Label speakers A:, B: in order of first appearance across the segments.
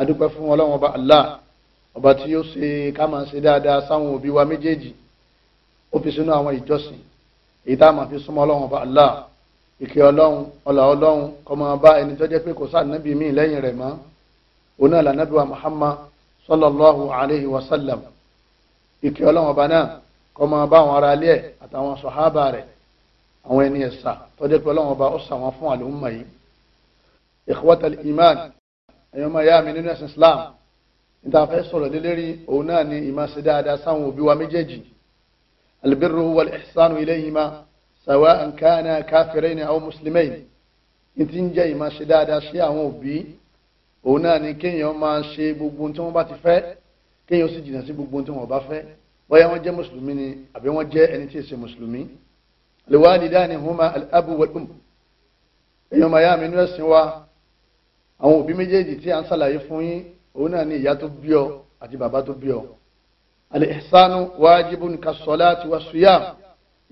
A: adúpẹ́ fún ọlọ́run ọba allah ọba tí yóò ṣe ká máa ṣe dáadáa sáwọn òbí wa méjèèjì ó fi sínú àwọn ìjọsìn èyí tá a máa fi súnmọ́ ọlọ́run ọba allah ìkẹ́ ọlọ́run ọlà ọlọ́run kó máa bá ẹni tó jẹ́ pé kò sáà nábì míì lẹ́yìn rẹ̀ mọ́ òun náà lànàbí wa muhammad sallallahu alayhi wa sallam ìkẹ́ ọlọ́run ọba náà kó máa bá àwọn ará ilé ẹ̀ àtàwọn sọ̀hábà rẹ̀ àwọn ẹni ẹ̀sà tó jẹ́ pé ọlọ́run ọba ó sà fún àlùmọ̀ yìí ikhwatal iman ẹ̀yọ́ máa yá mi nínú ẹ̀sìn Islam níta fẹ́ sọ̀rọ̀ lé lérí òun náà ni ìmọ̀ ṣe dáadáa sáwọn òbí wa méjèèjì albirru wal ihsanu ilayhima sawa'an kana kafirayni aw muslimayni ti ń jẹ́ ìmọ̀ ṣe dáadáa sí àwọn òbí òun náà ni kéèyàn máa ṣe gbogbo tí wọ́n bá ti fẹ́ kéèyàn sì jìnnà sí gbogbo tí wọ́n bá fẹ́ bóyá wọ́n jẹ́ mùsùlùmí ni àbí wọ́n jẹ́ ẹni tí ì ṣe mùsùlùmí al walidani huma al èèyàn máa yá mi nínú ẹ̀sìn wa àwọn òbí méjèèjì tí a ń ṣàlàyé fún yín òun náà ni ìyá tó bí ọ àti bàbá tó bí ọ al-ihsanu wajibun kas-salati was-siyam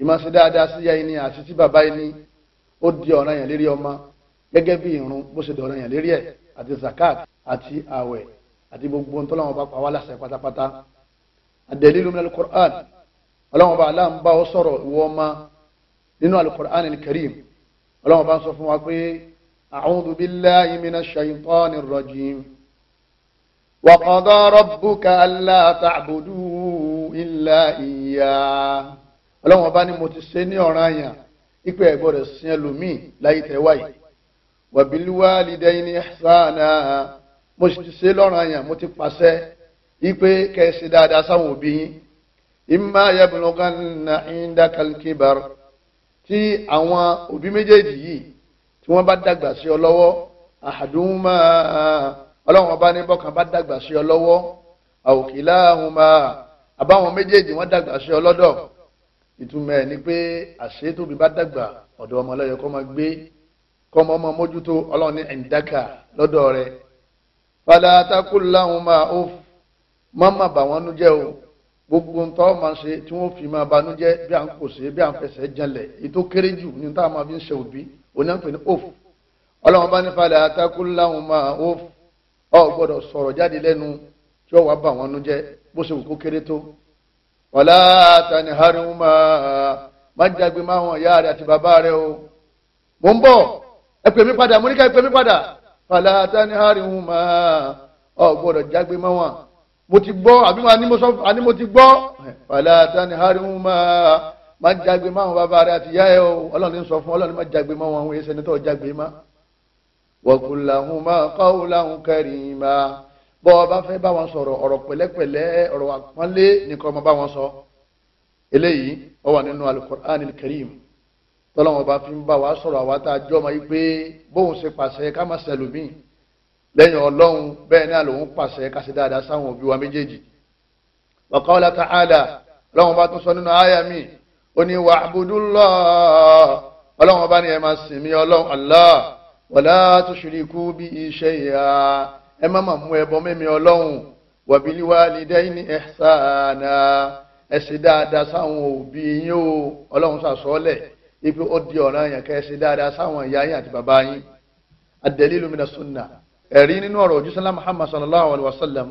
A: ìmọ̀sí dáadáa sí yá ẹni àti sí bàbá ẹni ó di ọ̀ràn yẹn lérí ọmọ gẹ́gẹ́ bí irun bó ṣe di ọ̀ràn yẹn lérí ẹ̀ àti zakat àti àwẹ̀ àti gbogbo ohun tó lọ́wọ́ bá pa wá láṣẹ pátápátá ad-dalilu min al-Qur'an ọlọ́wọ́n bá aláǹ bá ọ sọ̀rọ̀ ìwọ ọmọ nínú al-Qur'an al-Karim ń sọ fún wa pé أعوذ بالله من الشيطان الرجيم وقضى ربك ألا تعبدوا إلا إياه ọlọ́run ọba ni mo ti ṣe ní ọ̀ràn àyàn ipe ẹ gbọ́dọ̀ sin ẹlòmíì láyé tẹ́wáyé wàbílúwàlídẹ́yìn ihsana mo sì ti ṣe lọ́ràn àyàn mo ti pàṣẹ ipe kẹ́sì dáadáa sáwọn òbí yín imma yablughanna indakal kibar tí àwọn òbí méjèèjì yìí tí wọ́n bá dàgbà sí ọ lọ́wọ́ àdúmà ọlọ́run ọba ní bọ́kàn bá dàgbà sí ọ lọ́wọ́ àwòkìlá ahùnmá àbáwọn méjèèjì wọ́n dàgbà sí ọ lọ́dọ̀ ìtumọ̀ ẹ̀ ni pé àṣẹ tóbi bá dàgbà ọ̀dọ̀ ọmọ ọlọ́yọ̀ kọ́ máa gbé kọ́ ọmọ ọmọ mójútó ọlọ́run ní ẹ̀ńdákà lọ́dọ̀ rẹ̀ padà àtàkùn láhùn máa ó mọ́mọ́ bà wọ́n nú o gbogbo ń máa ṣe tí wọ́n fi máa banú bí à ń kò bí à ń fẹsẹ̀ janlẹ̀ ètò kéré jù ní táwọn máa fi ń ṣe òbí onípe ní òf ọlọ́run bá ní falẹ̀ atakúláhùn máa òf ọ gbọ́dọ̀ sọ̀rọ̀ jáde lẹ́nu tí ó wàá bà wọ́n nú jẹ́ bó ṣe wù kó kéré tó wàlá tani harun máa má jágbe máa wọn ìyá rẹ àti bàbá rẹ o mò ń bọ̀ ẹ pè mí padà mo ní ká ẹ pè mí padà falẹ̀ tani harun máa ọ gbọ́dọ̀ jágbe máa wọn mo ti gbọ́ àbí mo ti gbọ́ falẹ̀ tani harun máa má jágbe má àwọn bàbá rẹ àti ìyá ẹ o ọlọ́run ń sọ fún ọlọ́run má jágbe má wọn àwọn èsẹ̀ nítorí jágbe má. wọ́kùnláhùnmá kọ́wùláhùn kẹrìnmá bọ́ ọ bá fẹ́ bá wọn sọ̀rọ̀ ọ̀rọ̀ pẹ̀lẹ́pẹ̀lẹ́ ọ̀rọ̀ àpọ́nlé nìkan ọmọ bá wọn sọ eléyìí ó wà nínú alukur'anil karim tọ́lọ́wọ́n bá fi ń bá wa sọ̀rọ̀ àwa tá a jọ́ ma yí pé bóun ṣe pàṣẹ ká má ṣẹlòmíì lẹ́yìn ọlọ́run bẹ́ẹ̀ náà lòun pàṣẹ ká ṣe dáadáa sáwọn òbí wa méjèèjì. wa qala ta'ala ọlọ́run bá tún sọ nínú àyà míì ó ní wà abudulọ́ ọlọ́run ọba ni ẹ máa sìn mí ọlọ́run Allah wala tushriku bí iṣẹ́ ìhà ẹ má máa mú ẹbọ mímí ọlọ́run wa bil walidayni ihsana ẹ ṣe dáadáa sáwọn òbí yín o ọlọ́run sàṣọ́lẹ̀ ibi ó di ọ̀ràn yẹn kẹ́ ẹ ṣe dáadáa sáwọn ìyá yín àti bàbá yín ad-dalilu sunna ẹ̀rí nínú ọ̀rọ̀ òjísọ́lá muhammad sallallahu alayhi wa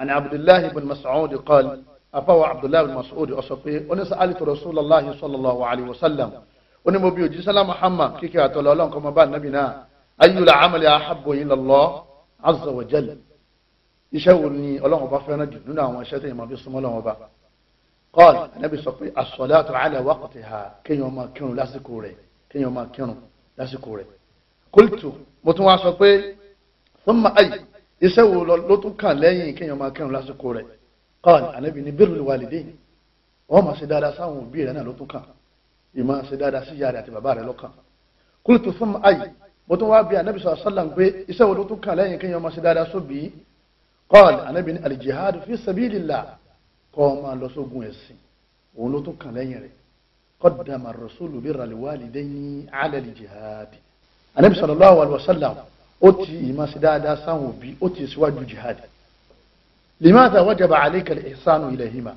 A: àni abdullahi ibn mas'ud qala afáwọ abdullahi masoud ọsọ pé oníṣẹ́ alitu rasulallah sallallahu alayhi wa sallam onímọ̀ bíi òjísàlá muhammad kíkẹ́ àtọ́lọ́ ọlọ́run kọ́ mọ́ bá nàbì náà ayyul amali ahabbu ila Allah azza wa jalla iṣẹ́ wo ni ọlọ́run bá fẹ́ràn jù nínú àwọn iṣẹ́ tẹ̀yìn máa fi súnmọ́ ọlọ́run bá qala anabi sọ pé as-salatu ala waqtiha kéèyàn máa kírun lásìkò rẹ̀ kéèyàn máa kírun lásìkò rẹ̀ qultu mo tún wá sọ pé thumma ayy iṣẹ́ wo ló tún kàn lẹ́yìn kéèyàn máa kírun lásìkò rẹ̀ kọ́ọ̀lì ànábì ní bírù wàlìdé wọ́n máa ṣe dáadáa sáwọn òbí rẹ̀ náà ló tún kàn ìmọ̀ ṣe dáadáa sí ìyá rẹ̀ àti bàbá rẹ̀ lọ́kàn kúlùtù fún ayé mo tún wá bí ànábì sọ̀rọ̀ sálàm pé iṣẹ́ wo ló tún kàn lẹ́yìn kéèyàn máa ṣe dáadáa sóbì kọ́ọ̀lì ànábì ní al-jihad fi sabilillah kọ́ ọ máa lọ sógun ẹ̀sìn òun ló tún kàn lẹ́yìn rẹ̀ qaddama ar-rasulu birra al-walidayni ala al-jihad ànábì sallallahu alaihi wasallam ó ti ìmọ̀ ṣe dáadáa sáwọn òbí ó ti síwájú jihad limaata wajaba aleka ihsanu ilayhima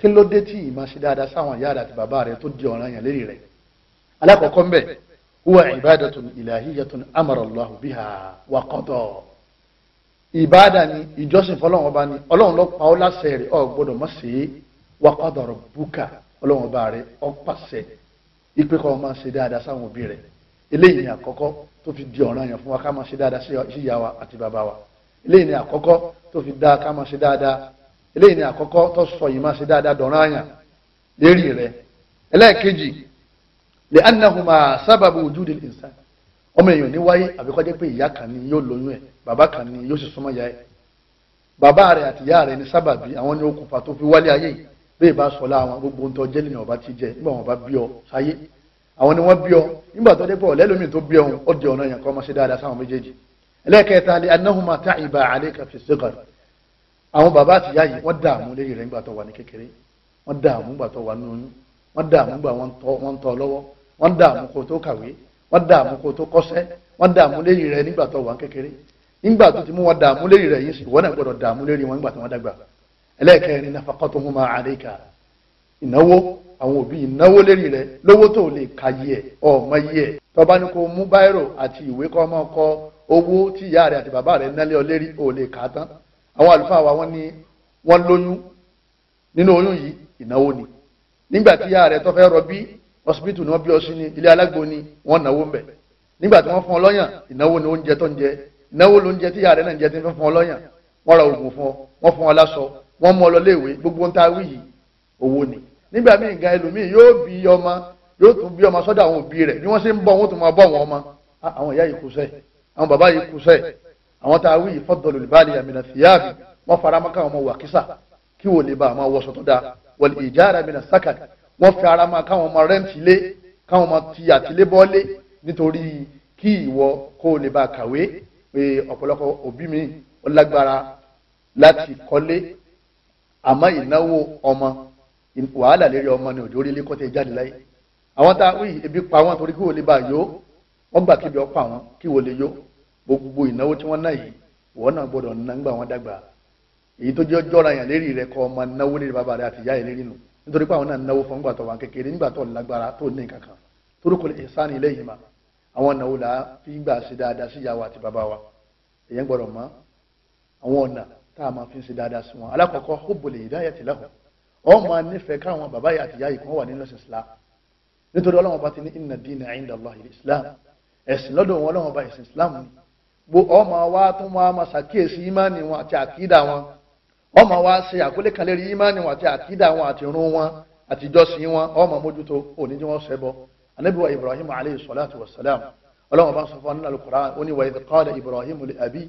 A: kí ló dé tí ìmọ̀ ṣe dáadáa sáwọn ìyá rẹ̀ àti bàbá rẹ̀ tó di ọ̀ràn yẹn lérí rẹ̀ alákọ̀ọ́kọ́ ń bẹ̀ huwa ibadatun ilahiyatun amara allahu biha wa qada ìbáàdà ni ìjọsìn fọlọ́run ọba ni ọlọ́run ló pa ọ́ láṣẹ rẹ̀ ọ̀ gbọ́dọ̀ mọ̀ sí i wa qada rabbuka ọlọ́run ọba rẹ̀ ọ́ pàṣẹ ìpè kọ́ máa ṣe dáadáa sáwọn òbí rẹ̀ eléyìí àkọ́kọ́ tó fi di ọ̀ràn yẹn fún wa ká máa ṣe dáadáa sí ìyá wa àti bàbá wa eléyìí ni àkọ́kọ́ tó fi dá ká máa ṣe dáadáa eléyìí ni àkọ́kọ́ tó sọ yìí máa ṣe dáadáa dọ̀rọ̀ àyàn lérí rẹ̀ ẹlẹ́ẹ̀kejì lè anahuma sábàbù wùdúdì ìsàn ọmọ èèyàn ní wáyé àbíkọ́jẹ́ pé ìyá kan ni yóò lóyún ẹ̀ bàbá kan ni yóò sì súnmọ́ ya ẹ̀ bàbá rẹ̀ àti ìyá rẹ̀ ni sábàbí àwọn ni okùnfà tó fi wálé ayé yìí bẹ́ẹ̀ bá sọ láwọn gbogbo ń tọ́jẹ́ lẹ́yìn ọba ti jẹ nígbà wọn bá bí ọ sáyé àwọn ni wọ́n bí ọ nígbà tó dé pọ̀ lẹ́lómi tó bí ọ ó di ọ̀nà yẹn kọ́ ọmọ ṣe dáadáa sáwọn méjèèjì ẹlẹ́kẹta ni anahuma ta'iba aleka fi sigar àwọn bàbá àti ìyá yìí wọ́n dààmú lẹ́yìn rẹ̀ nígbà tó wà ní kékeré wọ́n dààmú gbà tó wà ní oyún wọ́n dààmú gbà wọ́n tọ́ lọ́wọ́ wọ́n dààmú kó tó kàwé wọ́n dààmú kó tó kọ́ṣẹ́ wọ́n dààmú lẹ́yìn rẹ̀ nígbà tó wà ní kékeré nígbà tó ti mú wọn dààmú lẹ́yìn rẹ̀ yìí sì wọ́n náà gbọ́dọ̀ dààmú lẹ́yìn wọn nígbà tó wọ́n dàgbà ẹlẹ́kẹrin nafaqatuhuma alayka ìnáwó àwọn òbí ìnáwó lẹ́yìn rẹ̀ lówó tó lè kàyé ẹ̀ ọ̀mọ yé ẹ̀ tọ́ba ní kó mú báírò àti ìwé kọ́ ọmọ kọ́ owó tí ìyá rẹ àti bàbá rẹ nálé ọ lérí ò lè kà á tán àwọn àlùfáà wa wọ́n ní wọ́n lóyún nínú oyún yìí ìnáwó ni nígbà tí ìyá rẹ tó fẹ́ rọbí hospital ni wọ́n bí ọ sí ni ilé alágbo ni wọ́n náwó ń bẹ̀ nígbà tí wọ́n fún ọ lọ́yàn ìnáwó ni oúnjẹ tó ń jẹ ìnáwó ló ń jẹ tí ìyá rẹ náà ń jẹ tí wọ́n fún ọ lọ́yàn wọ́n ra oògùn fún ọ wọ́n fún ọ láṣọ wọ́n mú ọ lọ léèwé gbogbo ń ta wí yìí owó ni nígbà míì nǹkan ẹlòmíì yóò bí ọmọ yóò tún bí ọmọ sọ́dọ̀ àwọn òbí rẹ̀ bí wọ́n ṣe ń bọ̀ wọ́n tún máa bọ̀ wọn ọmọ ah, àwọn ìyá yìí kú sẹ́yìn àwọn bàbá yìí kú sẹ́ àwọn tá a wí ìfọ́dọ̀lù ìbáàlì àmìnà síyáàbì wọ́n fara mọ́ káwọn ọmọ wàkísà kí wò lè bá àwọn wọṣọ tó dáa wọ̀lì ìjára àmìnà sákà wọ́n fi ara máa káwọn ọmọ rẹ́ǹtì lé káwọn ọmọ ti àtìlé bọ́lé nítorí kí ìwọ kó lè bá kàwé pé ọ̀pọ̀lọpọ̀ òbí mi ó lágbára láti kọ́lé àmọ́ ìnáwó ọmọ wàhálà lérí ọmọ ni òjò orílẹ̀ kọ́tẹ́ jáde láyé àwọn tá a wí ebi pa wọn torí kí wò lè bá yó wọ́n gbà kébi ọ̀pọ̀ àwọn kí wò lè yó gbogbo ìnáwó tí wọ́n ná yìí wọ́n náà gbọ́dọ̀ ná ń gbà wọ́n dàgbà èyí tó jẹ́ jọ́ra yàn lérí rẹ̀ kọ́ ọmọ náwó lérí bàbá rẹ̀ àtìyá yẹn lérí nù nítorí pé àwọn náà náwó fún gbàtọ̀ wà kékeré nígbàtọ̀ lágbára tó ní kankan torúkọ ìsánì lẹ́yìn mà àwọn náwó là fi gbà ṣe dáadáa sí ìyàwó àti bàbá wa èyàn gbọ́dọ̀ mọ̀ àwọn ọ̀nà tá a máa fi ṣe dáadáa sí wọn alákọ̀ọ́kọ́ hubbul hidayati lahum ọ́n Islam nítorí ọlọ́wọ́n bá ti inna dina inda Allahi Islam ẹ̀sìn lọ́dọ̀ wọn ọlọ́wọ́n bá ẹ̀sìn Islam ni ọmọ wa tún wọn a máa ṣàkíyèsí ìmánì wọn àti àkídà wọn ọmọ wa ṣe àkólé kan lérí ìmánì wọn àti àkídà wọn àti irun wọn àti ìjọsìn wọn ọmọ mójútó òní tí wọn ṣẹbọ anabi wa ibrahim aleyhi salatu wa salam ọlọ́wọ́n bá ń sọ fún anínà al-Qur'an ó ní wa idh qala ibrahim li abi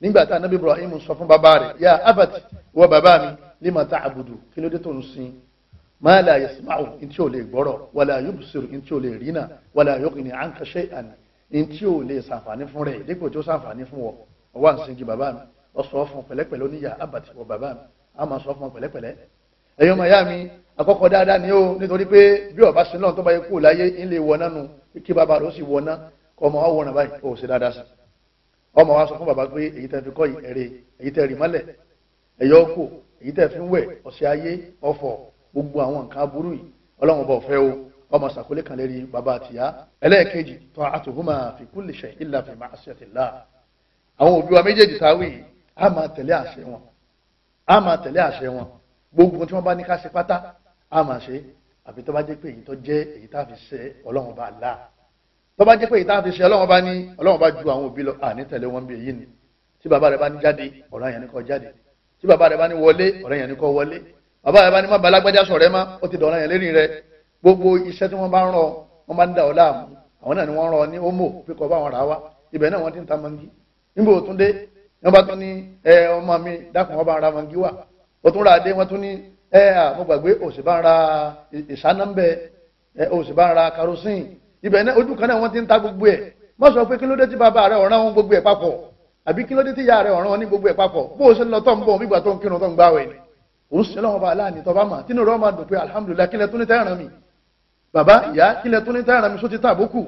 A: nígbà tí anabi ibrahim sọ fún bàbá rẹ̀ ya abati wọ bàbá mi lima ta'budu kí ló dé tó ń sin ma la ntí ò lè gbọ́rọ̀ wala yubsiru ntí ò lè rínà ní tí ò lè ṣàǹfààní fún rẹ̀ dípò tí ó ṣàǹfààní fún ọ ọwọ́ àǹsìnkì bàbá mi ọ sọ fún pẹ̀lẹ́pẹ̀lẹ́ oníyà àbàtì wọ bàbá mi a máa sọ fún pẹ̀lẹ́pẹ̀lẹ́ ẹ̀yin ọmọ ìyá mi àkọ́kọ́ dáadáa ni ó nítorí pé bí ọba sinlọ́n tó bá yẹ kú láyé ń lè wọ náà nu kí bàbá rẹ̀ ó sì wọ náà kọ́ ọmọ wa wọ̀ náà báyìí ó sì dáadáa sí ọmọ wa sọ fún bàbá pé èyí tẹ́ fi kọ́ ẹ̀rẹ́ èyí tẹ́ rì mọ́lẹ̀ ẹ̀yọ́ ọmọ sàkólé kan lérí bàbá àtìyá ẹlẹ́ẹ̀kejì ta'atuhuma fi kulli shay illa fi ma'asiyatillah àwọn òbí wa méjèèjì táwí a máa tẹ̀lé àṣẹ wọn a máa tẹ̀lé àṣẹ wọn gbogbo tí wọ́n bá ní ká ṣe pátá a máa ṣe àbí tó bá jẹ́ pé èyí tó jẹ́ èyí tá a fi ṣe ọlọ́run bá là tó bá jẹ́ pé èyí tá a fi ṣe ọlọ́run bá ní ọlọ́run bá ju àwọn òbí lọ àní tẹ̀lé wọn bí èyí ni tí bàbá rẹ bá ní jáde ọ̀rọ̀ àyàn ní kó jáde tí bàbá rẹ bá ní wọlé ọ̀rọ̀ àyàn ní kó wọlé bàbá rẹ bá ní má balágbájá sọ̀rẹ́ má ó ti dọ̀rọ̀ àyàn lérí rẹ gbogbo iṣẹ́ tí wọ́n bá ń rọ wọ́n bá ń dà ọ́ láàmú àwọn náà ni wọ́n rọ ní homo fi kọ́ bá wọn rà wá ibẹ̀ náà wọ́n ti ń ta mangi níbo tún dé wọ́n bá tún ní ẹ ọmọ mi dákun wọ́n bá ń ra mangi wá wọ́n tún ra dé wọ́n tún ní ẹ àmọ́ gbàgbé òsì bá ń ra ìsánámbẹ́ ẹ òsì bá ń ra kerosene ibẹ̀ náà ojú kan náà wọ́n ti ń ta gbogbo ẹ̀ má sọ pé kí ló dé tí bàbá rẹ ọ̀ràn wọn gbogbo ẹ̀ papọ̀ àbí kí tí ìyá rẹ ọ̀ràn wọn ní ni òun sì lọ́wọ́ bá aláàánú tó bá mà tínú bàbá ìyá kílẹ̀ tó ní táyà mi só ti tà àbókù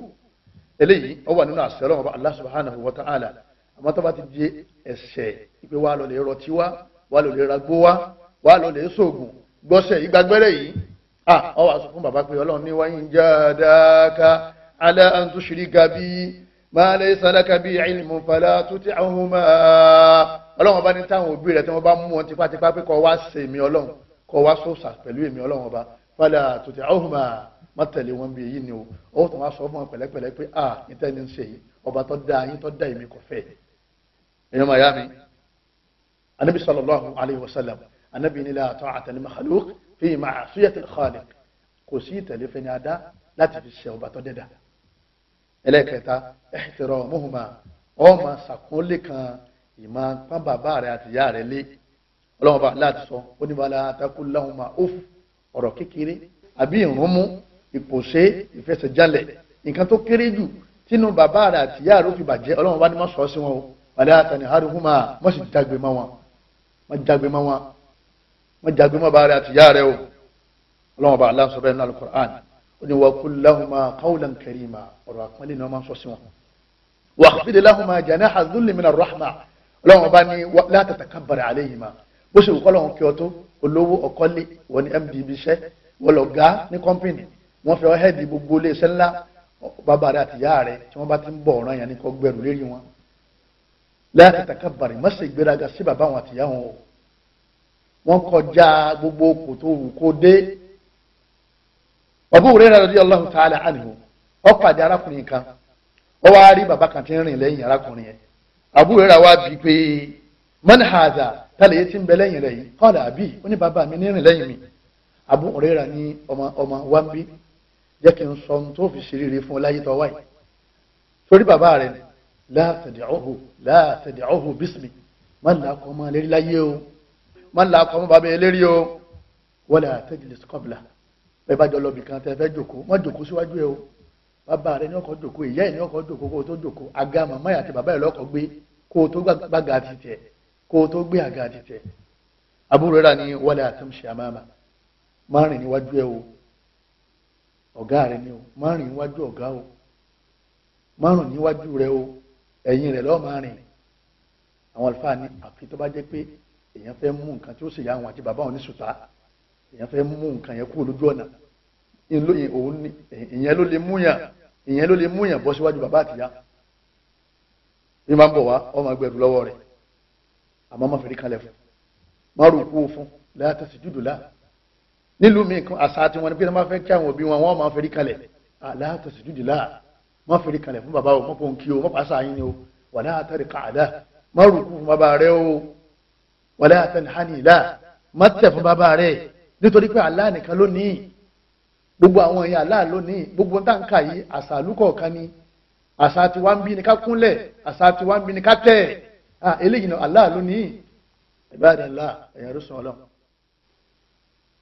A: eléyìí ó wà nínú àṣẹ ọlọ́run ọba Allah subhanahu wa ta'ala àmọ́ tó bá ti di ẹ̀ṣẹ̀ ìpè wa lọ lè rọtí wa wa lọ lè ragbó wa wa lọ lè sóògùn gbọ́sẹ̀ ìgbàgbẹ́rẹ́ yìí à ọ wà sọ fún bàbá pé ọlọ́run ní wáyé ń jádáka ala an tushrika bi ma laysa laka bi ilmun fala tuti'huma ọlọ́run ọba ní táwọn òbí rẹ̀ tí wọ́n bá mú wọn tipátipá pé kọ́ wá sèmi ọlọ́run kọ́ wá sòsà pẹ̀lú èmi ọlọ́run ọba fala tuti'huma má tẹ̀lé wọn bí èyí ni o ó tún wá sọ fún wọn pẹ̀lẹ́pẹ̀lẹ́ pé a ní tẹ́ni ń ṣe yìí ọba tó dá yín tó dá èmi kò fẹ́ èèyàn máa yá mi anabi sallallahu alayhi wa sallam anabi ni la ta'ata li makhluq fi ma'siyati al-khaliq kò sí ìtẹ̀lé fẹ́ni adá láti fi ṣe ọba tó dẹ́dà ẹlẹ́kẹta ihtiramuhuma ọmọ sàkúnlé kan ìmọ̀ pọ́n bàbá rẹ àti ìyá rẹ lé
B: ọlọ́mọba láti sọ
A: oníbàlá atakú ìkòsé ìfẹsẹ̀jálẹ̀ nǹkan tó kéré jù tínú bàbá rẹ̀ àti ìyá rẹ̀ ó fi bàjẹ́ ọlọ́run bá ní má sọ sí wọn o wàlẹ́ àtàní haruhuma má sì jágbe má wọn má jágbe má wọn má jágbe má bàbá rẹ̀ àti ìyá rẹ̀ o ọlọ́run bá aláǹsọ bẹ́ẹ̀ nínú alukur'an ó ní wàkúlù lahuma qawlan karima ọ̀rọ̀ àpọ́nlé ni wọ́n máa sọ sí wọn wàhfidì lahuma janaha dhulli minar rahma ọlọ́run bá ní la tatakabbari alayhima bó ṣe wù kọ́ lọ́run kí ọ tó olówó ọ̀kọ́lé wọn ni mdb wọ́n fi ọ̀hẹ́ di gbogbo iléeṣẹ́ ńlá bàbá rẹ àti ìyá rẹ tí wọ́n bá ti ń bọ̀ ọ̀ràn yẹn ní kọ́ gbẹrù lérí wọn láti tàkà bàrẹ̀ má ṣe gbéraga sí bàbá wọn àti wọn o wọ́n kọjá gbogbo kò wù kó dé Abu Hurairah radiyallahu ta'ala anhu ó pàdé arákùnrin kan ó wá rí bàbá kan mi ní rìn lẹ́yìn mi jẹ́ kí n sọ ohun tó fi ṣerére fún ọ láyé tó wáyé torí bàbá rẹ ni láàtẹ̀dẹ̀ ọ̀hù láàtẹ̀dẹ̀ ọ̀hù bísímì má là kọ́ ọmọ lérí láyé o má là kọ́ ọmọ bàbá elérí o wọ́n lè àtẹ̀jìlẹ̀ sọ́kọ̀bìlà bẹ́ẹ̀ bá jọ lọ bìkan tẹ́ fẹ́ jòkó má jòkó síwájú ẹ o bàbá rẹ ní ọkọ̀ jòkó ìyá ẹ̀ ní ọkọ̀ jòkó kó tó jòkó àga ọ̀gá rẹ ni o márùn níwájú ọ̀gá o márùn níwájú rẹ o ẹ̀yìn rẹ lọ́ọ́ máa rìn àwọn àlùfáà ní àfi tó bá jẹ́ pé èèyàn fẹ́ mú nǹkan tí ó sì yá àwọn àti bàbá òun ní sùtá èèyàn fẹ́ mú nǹkan yẹn kúrò lójú ọ̀nà ìyẹn ló lè múyàn ìyẹn ló lè múyàn bọ́ síwájú bàbá àtìyá bí máa ń bọ̀ wá ọmọ ẹgbẹ̀rún lọ́wọ́ rẹ̀ àmọ́ má fẹ́rí kalẹ̀ fún má rò kú fún láyàtọ̀ sí jùdù nílùú mi kan àṣà tí wọn ní pé wọn máa fẹ́ kí àwọn òbí wọn wọn máa fẹ́rí kalẹ̀ aláàtọ̀ sì jújì láà má fẹ́rí kalẹ̀ fún bàbá o má fọ́n kí o má pàṣà yín o wàlá àtàrí káàdá má rù fún bàbá rẹ o wàlá àtàrí hànìlá má tẹ̀ fún bàbá rẹ nítorí pé àlá nìkan lónìí gbogbo àwọn èèyàn àlá lónìí gbogbo táǹkà yìí àṣà àlùkọ̀ọ̀kan ni àṣà tí ń bí ni ká kúnlẹ̀ àṣà tí ń bí ni ká tẹ̀ eléyìí náà àlá lónìí ìbáraẹ̀dá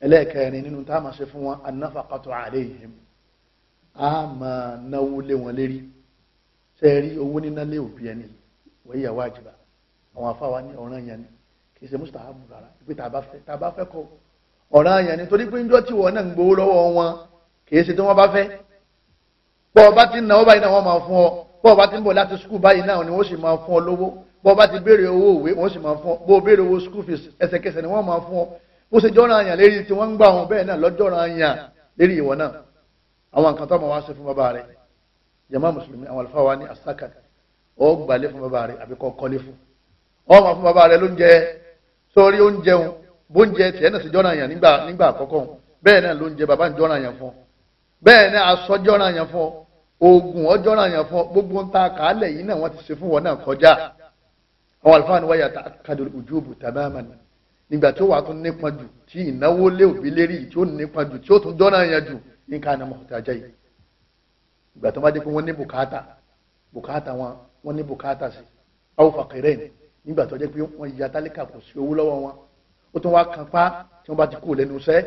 A: ẹlẹ́ẹ̀kẹrin nínú tá a máa ṣe fún wọn anáfàkàtọ̀ àlẹ́yìn a máa náwó lé wọn lérí ṣe é rí owó níná lé òbí ẹni wọ́n yà wájibà àwọn afáwa ní ọ̀ràn yẹn ni kì í ṣe mustahabu rárá pé tá a bá fẹ́ kọ́ ọ̀ràn yẹn ni torí pé ń jọ́ tí wọ́n náà ń gbowó lọ́wọ́ wọn kì í ṣe tí wọ́n bá fẹ́ bọ́ ọ bá ti náwó báyìí náà wọ́n máa fún ọ bọ́ ọ bá ti ń bọ̀ láti skul báyìí náà ni wọ́n sì máa fún ọ lówó bọ́ ọ bá ti béèrè owó òwe wọ́n sì máa fún ọ bó o béèrè owó skul fees ẹsẹ̀kẹsẹ̀ ni wọ́n máa fún ọ bó ṣe jọ́ra àyàn lérí tí wọ́n ń gbà wọn bẹ́ẹ̀ náà lọ́jọ́ra àyàn lérí ìwọ náà àwọn nǹkan tó máa wá ṣe fún bàbá rẹ jàmá mùsùlùmí àwọn àlùfáà wa ní asákàtì ọ gbalẹ̀ fún bàbá rẹ àbí kọ́ kọ́lé fún ọ máa fún bàbá rẹ lóúnjẹ sórí oúnjẹ òun bóúnjẹ tiẹ̀ náà ṣe jọ́ra àyàn nígbà nígbà àkọ́kọ́ òun bẹ́ẹ̀ náà lóúnjẹ bàbá ń jọ́ra àyàn fún bẹ́ẹ̀ náà aṣọ jọ́ra àyàn fún oògùn ọjọ́ ra yàn fún gbogbo ń ta kàálẹ̀ yìí náà wọ́n ti ṣe fún wọn náà kọjá àwọn àlùfáà ni wáyà tá a kàdùn tàbí àmàlà nígbà tí ó wà tún nípọn jù tí ìnáwó lé òbí lérí tí ó nípọn jù tí ó tún dọ́nà yẹn jù nǹkan àná mọ̀tò ajá yìí ìgbà tó bá dé pé wọ́n ní bùkátà bùkátà wọn wọ́n ní bùkátà sí àwọn fàkẹrẹ ni nígbà tó jẹ́ pé wọ́n ya tálíkà kò sí owó lọ́wọ́ wọn ó tún wá kan pa tí wọ́n bá ti kú lẹ́nu iṣẹ́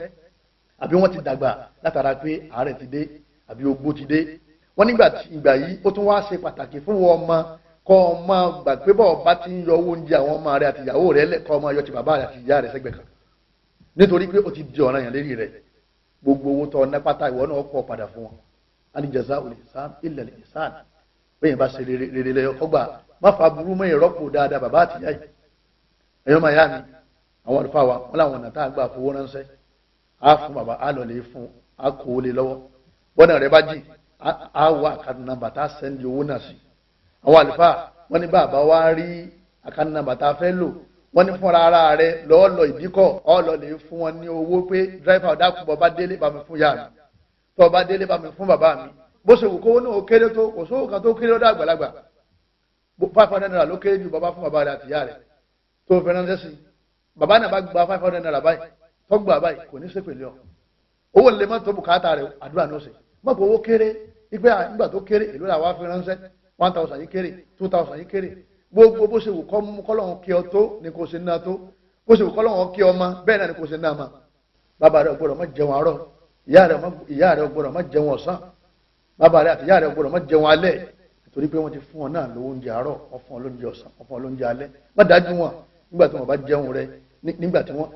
A: àbí wọ́n ti dàgbà látara pé àárẹ̀ ti dé àbí ogbó ti dé wọ́n nígbà yìí ó tún wá ṣe pàtàkì fún wọn ọmọ kọ́ ọ máa gbà pé bọ́ọ̀ bá ti ń yọ owó oúnjẹ àwọn ọmọ rẹ àti ìyàwó rẹ kọ́ ọ máa yọ ti bàbá rẹ àti ìyá rẹ sẹ́gbẹ̀ẹ́ kan nítorí pé o ti di ọ̀ràn yàn lérí rẹ gbogbo owó tó ọ̀nà pátá ìwọ náà kọ́ padà fún wọn alìjẹsà olùsàn ilẹ̀ ìsàn bẹ́ẹ̀ bá ṣe rere lẹ́yọ kọ́gbà má fa burú mọ́ ìrọ́pò dáadáa bàbá àti yìí ẹ̀yọ́ máa yá mi àwọn àlùfáà wa wọn làwọn ọ̀nà tá a gbà fowó ránṣẹ́ á fún bàbá á lọ lè fún á kó o lọ́wọ́ bọ́nà rẹ bá jì á wá àkàtúntàn bàtà sẹ́ndì owó náà sí i àwọn àlùfáà wọ́n ní bàbá wa rí àkànnàbà tá fẹ́ lò wọn ní fúnra ara rẹ lọ ìdíkọ̀ lè fún wọn ní owó pé dírẹ́fà dákun bọ́ bá délé bá mi fún yá mi tọ́ bá délé bá mi fún bàbá mi bó ṣe kówó tó kò sówó kan tó kéré àgbàlagbà five hundred naira ló kéré ju bàbá fún bàbá àtìyá tó fẹ́ ránṣẹ́ sí bàbá náà gba five hundred naira báyìí tó gba báyìí kò ní sépèlé ọ owó lè tó bùkátà àdúrà ṣe kéré tó one thousand yìí kéré two thousand yìí kéré gbogbo bó ṣe wù kọ́lọ́hún kí ọ tó ni kò ṣe ná tó bó ṣe wù kọ́lọ́hún kí ọ ma bẹ́ẹ̀ náà ni kò ṣe ná ma bàbá rẹ ọgbọ́dọ̀ má jẹun àárọ̀ ìyá rẹ ọgbọ́dọ̀ má jẹun ọ̀sán bàbá rẹ àti ìyá rẹ ọgbọ́dọ̀ má jẹun alẹ́ torí pé wọ́n ti fún ọ náà lówó oúnjẹ àárọ̀ ọ̀fọ̀n lóúnjẹ ọ̀sán ọ̀fọ̀n lóúnjẹ alẹ́ má dájú wọn nígbà tí wọ́n bá jẹun rẹ nígbà tí wọ́n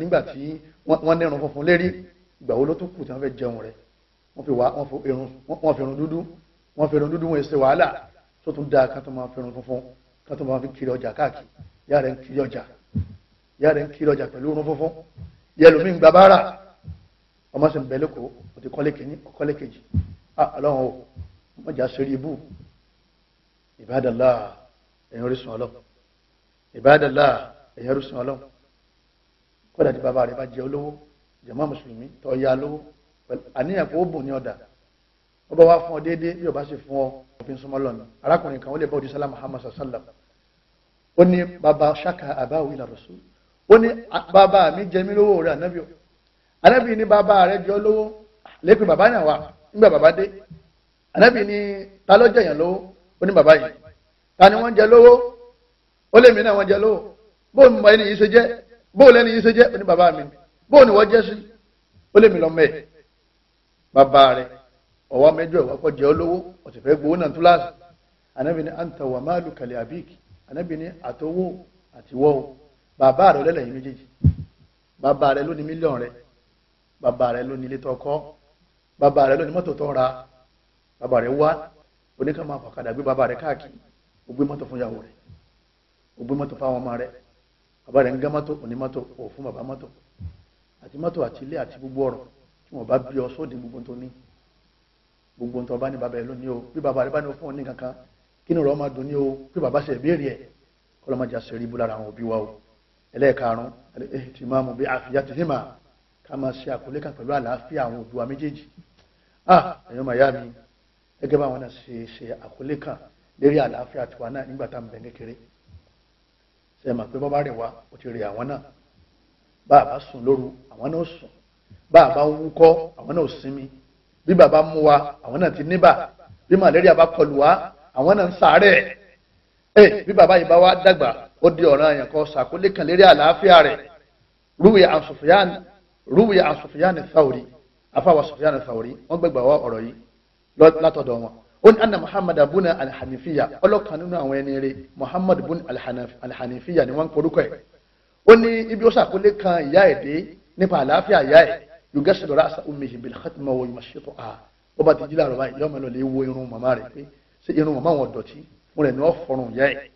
A: nígbà tí wọ́n nírun funfun lérí ìgbà wo ló tún kù tí wọ́n fẹ́ jẹun rẹ wọ́n fi irun dúdú wọ́n fẹ́ràn dúdú wọn ṣe wàhálà tó tún dáa ká tó máa fẹ́ràn funfun ká tó máa fi kiri ọjà káàkiri ìyá rẹ̀ ń kiri ọjà ìyá rẹ̀ ń kiri ọjà pẹ̀lú irun funfun ìyá ẹlòmí ń gba báárà ọmọ sì ń bẹ lẹ́kọ̀ọ́ o ti kọ́lé kìíní kọ́lé kejì ah, ọlọ́run ò mọ̀já sórí ibú ìbádàlá ẹ̀yìn orísun ọlọ́run ìbádàlá ẹ̀yìn orísun ọlọ́run kọ́dà tí bàbá rẹ̀ bá jẹ́ olówó jàmá mùsùlùmí tó yá lówó àníyàn kó bùn ní ọ̀dà ọba wa fún ọ déédéé bí ọba sì fún ọ òfin súnmọ́ lọ́nà arákùnrin kan ó lè bá òdi sálà muhammad sallam ó ní bàbá ṣáka àbáwí la rasul ó ní bàbá mi jẹ mí lówó rẹ ànábì ọ ànábì ní baba rẹ jọ lówó lẹ́pẹ́ bàbá náà wà nígbà bàbá dé ànábì ní ta ló jẹyàn lówó ó ní bàbá yìí ta ni wọ́n jẹ lówó ó lè mí náà wọ́n jẹ lówó bó ni ẹni yìí ṣe jẹ bó lẹni yìí ṣe jẹ ó ní bàbá mi bó ni wọ́n jẹ sí ó lè mí lọ́mọ ẹ̀ bàbá rẹ̀ ọwọ́ mẹ́jọ ìwà kọ́ jẹ́ olówó ọ̀sẹ̀ fẹ́ gbowó náà túláàsì anábì ní anta wà máàlù kàlẹ́ àbíkì anábì ní àtọwọ́ àtiwọ́ o bàbá rẹ lẹ́lẹ̀ yìí méjèèjì bàbá rẹ ló ní mílíọ̀n rẹ bàbá rẹ ló ní ilé tó kọ́ bàbá rẹ ló ní mọ́tò tó ra bàbá rẹ wá oníkà máa fàkàdà gbé bàbá rẹ káàkiri ó gbé mọ́tò fún ìyàwó rẹ ó gbé mọ́tò fáwọn ọmọ rẹ bàbá rẹ ń gá mọ́tò òní mọ́tò ò bàbá mọ́tò àti mọ́tò àti ilé àti gbogbo ọ̀rọ̀ tí wọ́n bá bí ọ sóde gbogbo tó ní gbogbo ntọ́ bá ní bàbá ẹ lónìí o bí bàbá rẹ bá ní fún ọ ní kankan kí ni ọ̀rọ̀ máa dùn ní o bí bàbá ṣe béèrè ẹ kọ́lọ́ máa jà ṣe rí ibú lára àwọn òbí wa o ẹlẹ́ẹ̀karùn ti máa mú bí àfìyà ti fi máa ká máa ṣe àkọlé kan pẹ̀lú àlàáfíà àwọn òbí wa méjèèjì ah ẹ̀yọ́ màyá mi gẹ́gẹ́ bá àwọn náà ṣe ṣe àkọlé kan lérí àlàáfíà tiwa náà nígbà tá à ń bẹ bí bàbá mú wa àwọn náà ti níbà bí malaria bá kọlù wa àwọn náà ń sàárẹ̀ ẹ bí bàbá yìí bá wá dàgbà ó di ọ̀ràn àyàn kan sàkólé kan lérí àlàáfíà rẹ̀ rúwì àsùfìyàn rúwì àsùfìyàn thawri afáwà sùfìyàn thawri wọ́n gbẹ̀gbà wá ọ̀rọ̀ yìí látọ̀dọ̀ wọn ó anna muhammad abuna alhanifiya ọlọ́kan nínú àwọn ẹni rẹ̀ muhammad bun alhanifiya ni wọ́n ń korúkọ ẹ̀ ó ní ibi ó sàkólé kan ìyá ẹ̀ dé nípa àlàáfíà ìyá ẹ̀ yugasidu rasa umihi bil khatma wa yumashitu a ó bá ti jí láàrọ̀ báyìí yọmọ lọlẹ wo irun màmá rẹ̀ pé ṣé irun màmá wọn dọ̀tí fún rẹ̀ ni wọn fọrùn yá ẹ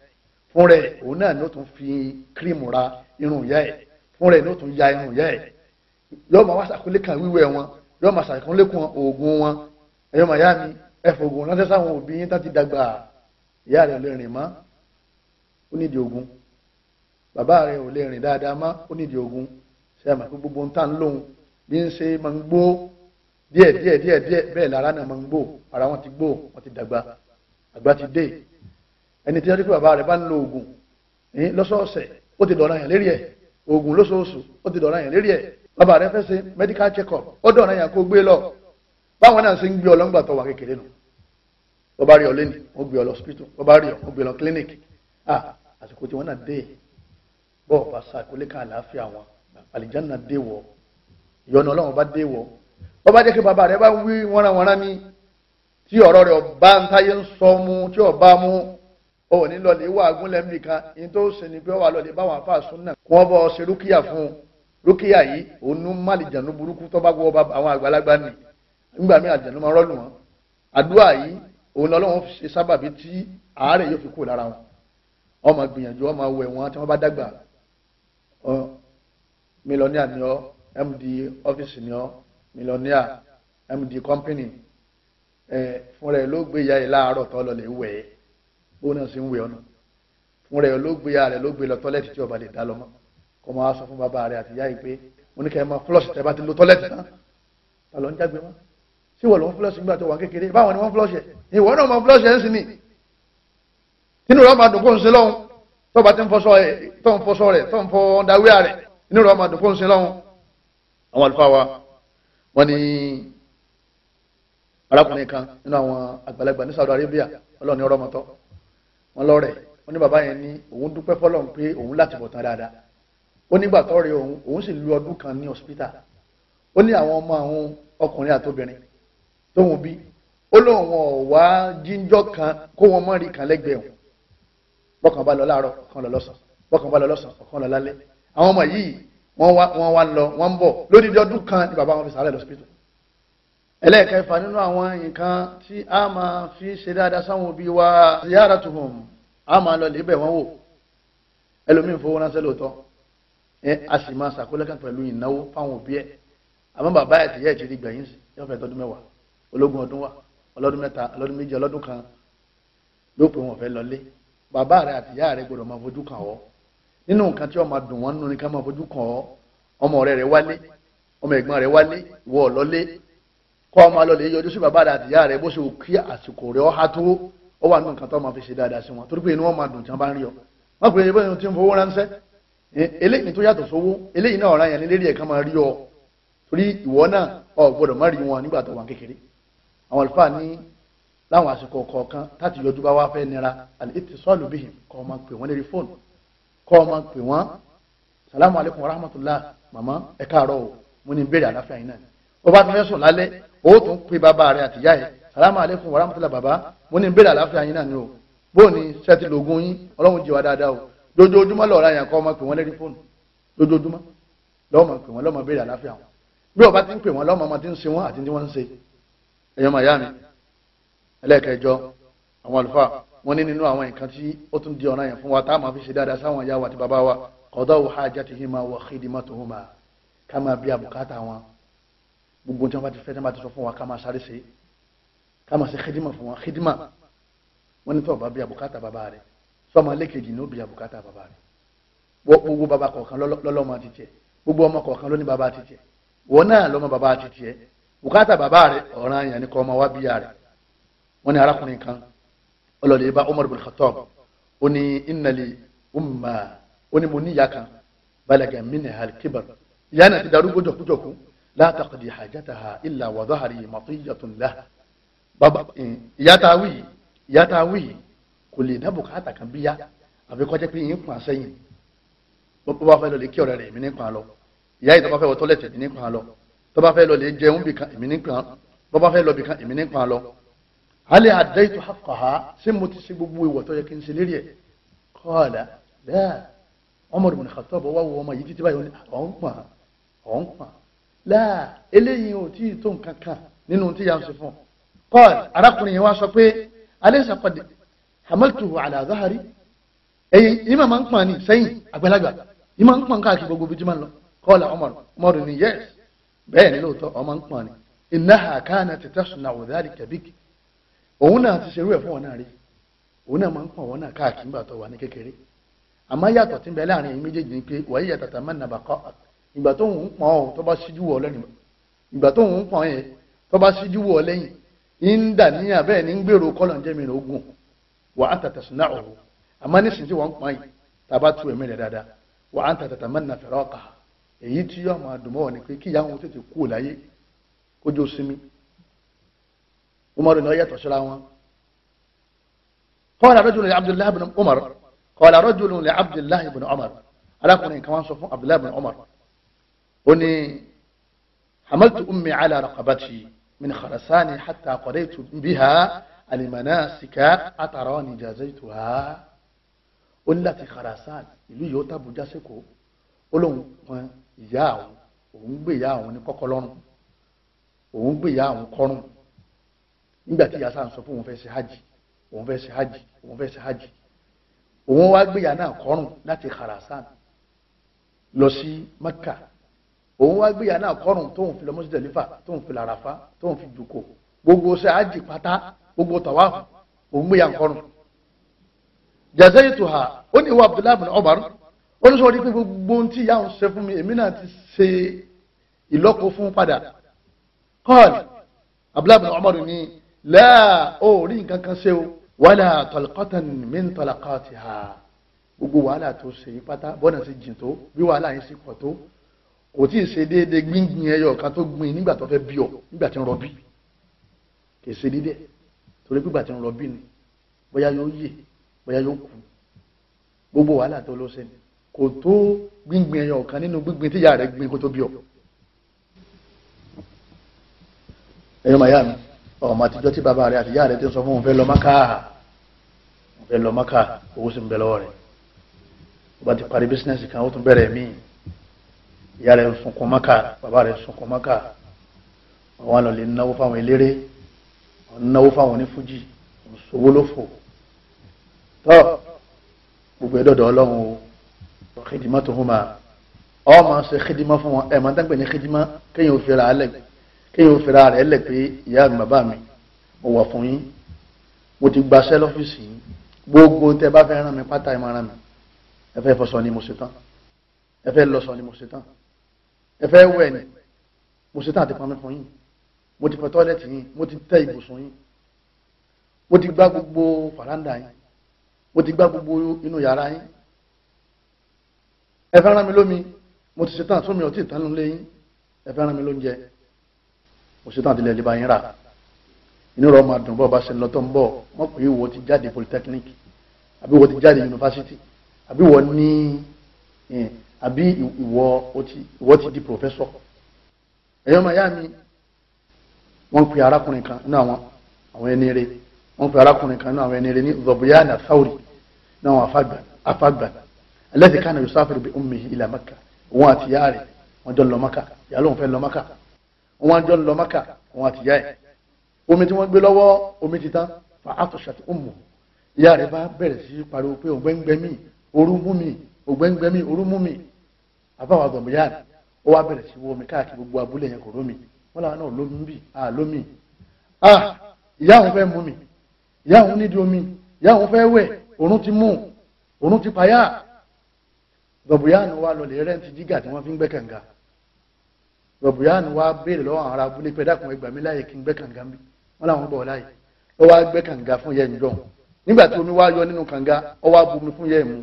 A: fún rẹ̀ òun náà ni ó tún fi kírímù ra irun yá ẹ fún rẹ̀ ni ó tún ya irun yá ẹ yọmọ wá sàkúnlé kan wíwẹ̀ wọn yọmọ sàkúnlé kan oògùn wọn ẹyọmọ ya mi ẹfọ oògùn ránṣẹ́ sáwọn òbí yín tá ti dàgbà ìyá rẹ̀ lè rìn mọ́ ó nídìí oògùn bàbá rẹ̀ ò lè rìn dáadáa mọ́ ó nídìí oògùn ṣe àmọ́ gbogbo ń tà ń lóhun bí ń ṣe máa ń gbó díẹ̀ díẹ̀ díẹ̀ díẹ̀ bẹ́ẹ̀ lára náà máa ń gbó ara wọn ti gbó wọn ti dàgbà àgbà ti dé ẹni tí wọn ti pé bàbá rẹ bá ń lo oògùn ní ó ti dọ̀ra yàn lérí ẹ̀ oògùn lóṣooṣù ó ti dọ̀ra yàn lérí ẹ̀ bàbá rẹ fẹ́ ṣe medical check up ó dọ̀ra yàn kó gbé lọ báwọn náà ṣe ń gbé ọ lọ́ngbà tó wà kékeré nù bó bá rí ọ lẹ́nu ó gbé ọ lọ hospital bó bá rí ọ ó gbé lọ clinic ah àsìkò tí wọn náà dé bọ́ọ̀ bá sa àkólé kan àlàáfíà wọn àlìjáná dé wọ̀ ìyọnu ọlọ́run bá dé wọ wọ́n bá jẹ́ kí bàbá rẹ bá wí wọ́nranwọ́nran ní tí ọ̀rọ̀ rẹ ọba ń táyé ń sọ mu tí ọba mu ò ní lọlé wà gúnlẹ̀ mí kan yìí tó sì ní pé wà lọlé báwọn afa sunna kí wọ́n bọ́ ṣe rúkìá fún rúkìá yìí ònú màlìjànú burúkú tó bá gbọ́ àwọn àgbàlagbà nì nígbà mí àjànú máa rọ́ọ̀lù wọn àdúrà yìí òun lọ́lọ́run ṣe sábàbí tí àárẹ̀ yóò fi kú lára wọn ọmọ gbìyànjú ọmọ wẹ̀ wọn tí wọ́n bá dàgbà mílíọ̀nì àníọ́ md ọ́fíìsì ni ọ́ mílíọ̀nìyà md kọ́mpìnì ẹ fún rẹ ló gbé ìyá yìí láàárọ̀ tó lọ lè wẹ̀ ẹ́ bó náà sì ń wẹ̀ ọ́nà fún rẹ ló gbé ìyá rẹ ló gbé lọ tọ́lẹ́tì tí ọba lè dá lọ mọ́ kó máa sọ fún bàbá rẹ àti ìyá yìí pé mo ní kẹ́ ẹ máa flush tẹ́ bá ti lo tọ́lẹ́tì tán ta ló ń jágbe mọ́ sí wọ́n ló ń flush nígbà tó wà kékeré báwọn ni wọ́n flush ẹ̀ ìwọ náà máa flush ẹ̀ ń sinmi inú rẹ máa dùn kó ń sin lọ́hùn tó bá ti ń fọṣọ rẹ̀ tó ń fọ ọ̀ndàwíà rẹ̀ inú rẹ máa dùn kó ń sin lọ́hùn àwọn àlùfáà wa wọ́n ní arákùnrin kan nínú àwọn àgbàlagbà ní Saudi Arabia ọlọ́ọ̀ni ọ̀rọ̀ mọ́tọ́ wọn lọ́rẹ̀ wọn ní bàbá yẹn ní òun dúpẹ́ fọlọ́run pé òun láti bọ̀ tán dáadáa ó nígbà tọ́rẹ̀ òun òun sì lu ọdún kan ní hospital ó ní àwọn ọmọ àwọn ọkùnrin àtobìnrin tóun bí ó lóun wọn ò wá jíjọ́ kan kó wọn mọ́rin kan lẹ́gbẹ̀ẹ́ òun bọ́kàn bá lọ láàárọ̀ ọ̀kan lọ lọ́sàn bọ́kàn bá lọ lọ́sàn ọ̀kan lọ lálẹ́ àwọn ọmọ yìí wọ́n wá wọ́n wá lọ wọ́n ń bọ̀ lórí ibi ọdún kan ni bàbá wọn fi sàárẹ̀ lọ síbítù ẹlẹ́ẹ̀kẹfà nínú àwọn nǹkan tí a máa fi ṣe dáadáa sáwọn òbí wa yára tó hàn a máa lọ lébẹ̀ wọ́n wò ẹlòmíín fowó ránṣẹ́ lóòótọ́ ẹ a sì máa ṣàkólẹ́kàn pẹ̀lú ìnáwó fáwọn òbí ẹ̀ àmọ́ bàbá ẹ̀ tìyẹ́ ìtìrí gbẹ̀yìn sí yóò fẹ́ tọdún mẹ́wàá ológun ọdún wa ọlọ́dún mẹ́ta ọlọ́dún méjì ọlọ́dún kan ló pè wọ́n fẹ́ lọlé bàbá rẹ̀ àtìyá rẹ̀ gbọ́dọ̀ máa fojú kàn wọ́n nínú nǹkan tí ó máa dùn wọ́n nínú ni ká máa fojú kàn ọ́ ọmọ ọ̀rẹ́ rẹ̀ wálé ọmọ ẹ̀gbọ́n rẹ̀ wálé wọ́ ọ lọ́lé kọ́ ọ máa lọ lè yọjú sí bàbá rẹ̀ àtìyá rẹ̀ bó ṣe kí àsìkò rẹ̀ ọ́ há tó ó wà nínú nǹkan tó máa fi ṣe dáadáa sí wọn torí pé inú wọn máa dùn tí wọn bá ń rí ọ wọn pè é bóyá tí ń fowó ránṣẹ́ eléyìí tó yàtọ̀ sówó eléyìí náà ọ̀ràn yẹn ní lérí ẹ̀ ká máa rí ọ torí ìwọ náà ọ gbọ́dọ̀ má rí wọn nígbà tó wà kékeré àwọn àlùfáà ní láwọn àsìkò kọ̀ọ̀kan láti yọjú bá wá fẹ́ nira àlè ètò sọ́ọ̀lù kọ́ ọ máa pè wọ́n lérí fóònù kọ́ ọmọ pè wọ́n salamu alaykum wa rahmatulah mama ẹ káàárọ̀ o mo ní bèrè àlàáfíà yín náà ó bá tún fẹ́ sùn lálẹ́ ó tún pe bàbá rẹ̀ àtìyá yẹ salamu alaykum wa rahmatulah bàbá mo ní bèrè àlàáfíà yín náà ni o bóò ni sẹ́ẹ̀tì lògùn yín ọlọ́run jìwà dáadáa o lójoojúmọ́ lọ́ọ̀rọ̀ àyàn kọ́ ọmọ pè wọ́n lẹ́rí fóònù lójoojúmọ́ lọ́ọ̀mọ pè wọ́n lọ́ọ̀mọ bèrè àlàáfíà wọn bí wọ́n ní nínú àwọn nǹkan tí ó tún di ọ̀ranyàn fún wa tá a máa fi ṣe dáadáa sáwọn ìyá wa àti bàbá wa qada'u hajatihima wa khidmatuhuma ká máa bí àbùkátà wọn gbogbo tí wọ́n bá ti fẹ́ tí wọ́n bá ti sọ fún wa ká máa sáré ṣe ká máa ṣe khidima fún wọn khidima wọ́n ní tọ́ọ̀ bá bí àbùkátà bàbá rẹ̀ sọ́mọ lẹ́kẹ̀jì ní ó bí àbùkátà bàbá rẹ̀ gbogbo bàbá kọ̀ọ̀kan lọ́lọ́mọ ti tiẹ̀ gbogbo ọmọ kọ̀ọ̀kan ló bàbá ti tiẹ̀ wọn náà lọ́mọ bàbá ti tiẹ̀ bùkátà bàbá rẹ̀ ọ̀ranyàn ni kọ́ ọmọ wa bíyà rẹ̀ wọ́n ní arákùnrin kan ọlọ́dẹ bá Umar bin Khattab ó ní ìnàlẹ̀ umma ó ní mo ní ìyá kan balaga mini alkibar ìyá náà ti darúgbó jọkújọkú la taqdi hajataha illa wa dhahri matiyatun lah bàbá eh, ìyá tá a wí ìyá tá a wí kò lè dábò káàtà kan bíyá àfi kọjá pé yín kàn sẹ́yìn bó bá fẹ́ lọ lè kí ọ̀rẹ́ rẹ̀ èmi ní kàn lọ ìyá yìí tó fẹ́ wọ tọ́lẹ̀tì èmi ní kàn lọ tó fẹ́ lọ lè jẹun bìkan èmi ní kàn lọ bó fẹ́ lọ bìkan èmi ní kàn lọ hali àdáyìtò haqqaha ṣé mo ti ṣe gbogbo ìwọ̀ tó yẹ kí n ṣe lérí ẹ̀ kọ́ọ̀dà dáa Umar ibn Khattab wá wo ọmọ yìí títí báyìí ọ̀hún pọ̀n ọ̀hún pọ̀n láà eléyìí ò tí ì tó nǹkan kan nínú tí yà ń ṣe fún kọ́ọ̀dà arákùnrin yẹn wá sọ pé alaysa qad hamaltuhu ala zahari ẹ̀yìn ìmọ̀ máa ń pọ̀n ní sẹ́yìn àgbàlagbà ìmọ̀ ń pọ̀n káàkiri òun náà ti ṣerú ẹ̀ fún wọn náà rí òun náà máa ń pọ̀ wọn náà káàkiri nígbà tó wà ní kékeré àmọ́ yàtọ̀ tí ń bẹ láàrin ẹ̀yin méjèèjì ni pé wàyí yàtọ̀ tà nàbà kọ́ ìgbà tó ń pọ̀ ọ́ tó bá ṣíjú wọ̀ lẹ́yìn ìgbà tó ń pọ̀ yẹn tó ní abẹ́ ní ń gbèrò kọ́lọ̀ ń jẹ́mi ogun wà á tàtà sùn náà àmọ́ umaru ni ó yàtọ̀ síra wọn. qala rajulun li abdullahi ibn umar qala rajulun li abdullahi ibn umar alákùnrin kan wá sọ fún abdullahi ibn umar ó ní hamaltu ummi ala raqabati min kharasani hatta qadaytu biha alimanasika atarani jazaituha ó ní láti kharasan ìlú yìí ó tàbújá sí kò ó lóun pọn ìyá àwọn òun gbé ìyá àwọn ní kọ́kọ́ lọ́rùn òun gbé ìyá àwọn kọ́rùn-ún nígbà tí yasa ń sọ pé òun fẹ́ ṣe hajj òun fẹ́ ṣe hajj òun fẹ́ ṣe hajj òun wá gbéyà náà kọrùn láti Kharasan lọ sí Mẹ́kà òun wá gbéyà náà kọrùn tóun fi lọ Musdalifa tóun fi làràfà tóun fi jùkọ gbogbo ṣe hajj pátá gbogbo tàwáfù òun gbéyà kọrùn jazaituha ó ní ìwà Abdullahi bin Umar ó ní sọ wọ́n gbogbo ohun tí ìyá òun ṣe fún mi èmi náà ti ṣe ìlọ́kọ̀ fún padà kọ́ọ̀lì Abdullahi bin Umar ní lẹ́à ó rí nǹkan kan ṣe o wàhálà tọ̀lẹ̀kọ́tàn mí ń tọ̀lẹ̀kọ́ ti hà gbogbo wàhálà tó ṣe yí pátá bọ́nà sí jìn tó bí wàhálà yín sì pọ̀ tó kò tí ì ṣe déédéé gbíngbin ẹyọ kan tó gbin nígbà tó fẹ́ bí ọ nígbà tí ń rọbí kì í ṣe déédéé torí pé ìgbà tí ń rọbí ni bóyá yóò yè bóyá yóò kú gbogbo wàhálà tó ló ṣe ni kò tó gbíngbin ẹyọ kan nínú gbíngbin tíyà rẹ gbin kó tó bí ọ. ẹyọ màyà mi ọmọ àtijọ́ tí bàbá rẹ̀ àtìyá rẹ̀ ti sọ fún òun fẹ́ lọ Mákà òun fẹ́ lọ Mákà owó sì ń bẹ lọ́wọ́ rẹ̀ ó bá ti parí bísínẹ́sì kan ó tún bẹ̀rẹ̀ míì ìyá rẹ̀ ń sunkún Mákà bàbá rẹ̀ ń sunkún Mákà àwọn àlọ́ lè náwó fáwọn eléré náwó fáwọn onífújì òṣòwò ló fò tọ́ gbogbo ẹ̀dọ́dọ̀ ọlọ́run o xidima tó fún ma ọ máa ṣe xidima fún wọn ẹ̀ máa ń tẹ́gbẹ̀ẹ́ kéèyàn fira rẹ̀ lẹ̀ pé ìyá mi bàbá mi mo wà fún yín mo ti gbaṣẹ́ lọ́fíìsì yín gbogbo tẹ bá fẹ́ ràn mí pátá ẹ̀ máa ràn mí ẹ fẹ́ fọṣọ ni mo ṣe tán ẹ fẹ́ lọṣọ ni mo ṣe tán ẹ fẹ́ wẹ̀ ni mo ṣe tán àti pamẹ́ fún yín mo ti fọ tọ́lẹ̀tì yín mo ti tẹ́ ibùsùn yín mo ti gbá gbogbo fàrándà yín mo ti gbá gbogbo inú yàrá yín ẹ fẹ́ ràn mí lómi mo ti ṣe tán àtúnmí ọtí ìtàn ẹ fẹ́ ràn mí lóúnjẹ òṣèlú àti ilẹ̀ ìbá yín rà inú rẹ̀ máa dùn bọ́ bá ṣe lọ ń bọ̀ wọ́n pè é wọ́n ti jáde polytechnic àbí wọ́n ti jáde university àbí wọ́n ní àbí ìwọ ti di professor ẹ̀yọ́ máa yá mi wọ́n pe arákùnrin kan nínú àwọn àwọn ẹni rẹ̀ wọ́n pe arákùnrin kan nínú àwọn ẹni rẹ̀ ní zọ̀bùyánà sáwùrì náà àwọn afágbà alladhi kana yusafiru bi ummihi ila Makkah òun àti yáà rẹ̀ wọ́n jọ lọ Makkah yàrá òun fẹ́ lọ Makkah wọn àjọ ń lọ maka wọn àtìyá ẹ̀ omi tí wọ́n gbé lọ́wọ́ omi ti tán fa àtọ̀ṣàtì umu. ìyá rẹ̀ bá bẹ̀rẹ̀ sí pariwo pé ògbẹ́ngbẹ́mí orú mú mi ògbẹ́ngbẹ́mí orú mú mi àbáwá gbọ̀ngbẹ́yà ó wá bẹ̀rẹ̀ sí wọ omi káàkiri gbogbo abúlé yẹn kò rómi wọ́n làwọn náà lómi bì á lómi á ìyá àwọn fẹ́ mú mi ìyá àwọn nídìí omi ìyá àwọn fẹ́ wẹ̀ òrùn ti mú òrùn ti payá gbọ̀ngbẹ́yà ni wọ́n lọ lè rẹ́ǹtì jígà tí wọ́n fi ń gbẹ́ kànga rọ̀bùyáàni wá béèrè lọ́wọ́ àwọn ará abúlé pé dákun ẹgbàá mi láàyè kí n gbẹ́ kànga mi wọ́n làwọn bọ̀ láàyè ó wá gbẹ́ kànga fún yẹ́ mi lọ́hùn nígbà tí omi wá yọ nínú kànga ó wá bomi fún yẹ́ mu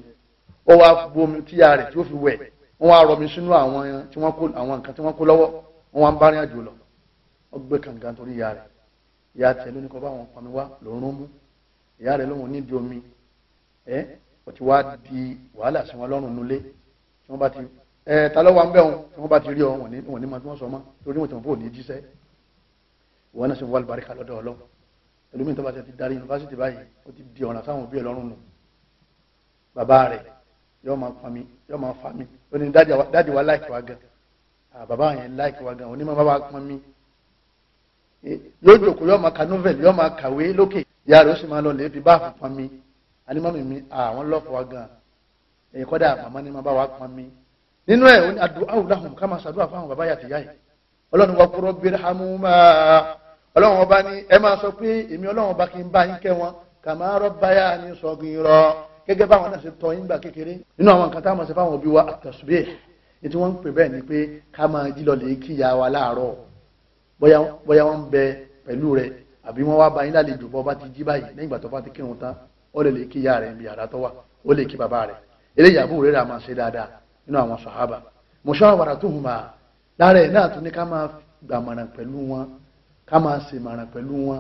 A: ó wá bomi tíya rẹ̀ tí ó fi wẹ̀ wọ́n wá rọmi sínú àwọn tí wọ́n kó àwọn nǹkan tí wọ́n kó lọ́wọ́ wọ́n wá ń bá rìn àjò lọ ó gbẹ́ kànga nítorí ìyá rẹ̀ ìyá tiẹ̀ ló ní kọ́ bá wọn pọnmi wá lòún mú di wàhálà sí wọn lọ́rùn ẹ ta ló wà ń bẹ̀ wọn tí wọ́n bá ti rí ọ wọn ní ma tí wọ́n sọ mọ́ torí wọn tí wọ́n bò ní jíṣẹ́ wọn náà sì wọ́n alùbáríkà lọ́dọ̀ ọlọ́ ẹlòmíín tó bá ti ti darí yunifásitì báyìí ó ti di ọ̀nà sáwọn òbí ẹ lọ́rùn nù bàbá rẹ̀ yóò máa fa mi yóò máa fa mi ó ní dáàdì wa láìkì wa gan bàbá yẹn láìkì wa gan onímọ̀ bàbá pọn mi yóò jòkó yóò máa ka novel yóò máa kàwé lókè ìyá rẹ̀ ó sì máa lọ lè fi báàfù pọn mi ànímọ́ mi mi àwọn lọ́fọ̀ wa gan èyí kọ́dà màmá ni màá bá wa pọn mi nínú ẹ̀ òní àdúrà òláhùn ká máa ṣàdúrà fáwọn bàbá yàtì yáyì ọlọ́run wa kúrọ́ bíi hamuma ọlọ́run ọba ní ẹ máa sọ pé èmi ọlọ́run ọba kì í bá yín kẹ́ wọn kàmá rọ́báyà ní sọ́gun rọ gẹ́gẹ́ báwọn náà ṣe tọ́ yín gbà kékeré nínú àwọn nǹkan táwọn ṣe fáwọn òbí wa àtọ̀sùbẹ́ ètí wọ́n ń pè bẹ́ẹ̀ ni pé ká máa jí lọ lè kí ìyá wa láàárọ̀ bóyá wọ́n ń bẹ pẹ̀lú rẹ̀ àbí wọ́n wá bá yín lálejò bọ́ bá ti jí báyìí lẹ́yìn ìgbà tó bá ti kírun tán ó lè lè kí ìyá rẹ̀ níbi tó wà ó lè kí bàbá rẹ̀ eléyàbò rẹ̀ rà máa ṣe dáadáa nínú àwọn sahaba mọ̀ṣáwàrà tó hùmà lára ẹ̀ náà tún ní ká máa gbàmọ̀ràn pẹ̀lú wọn ká máa ṣèmọ̀ràn pẹ̀lú wọn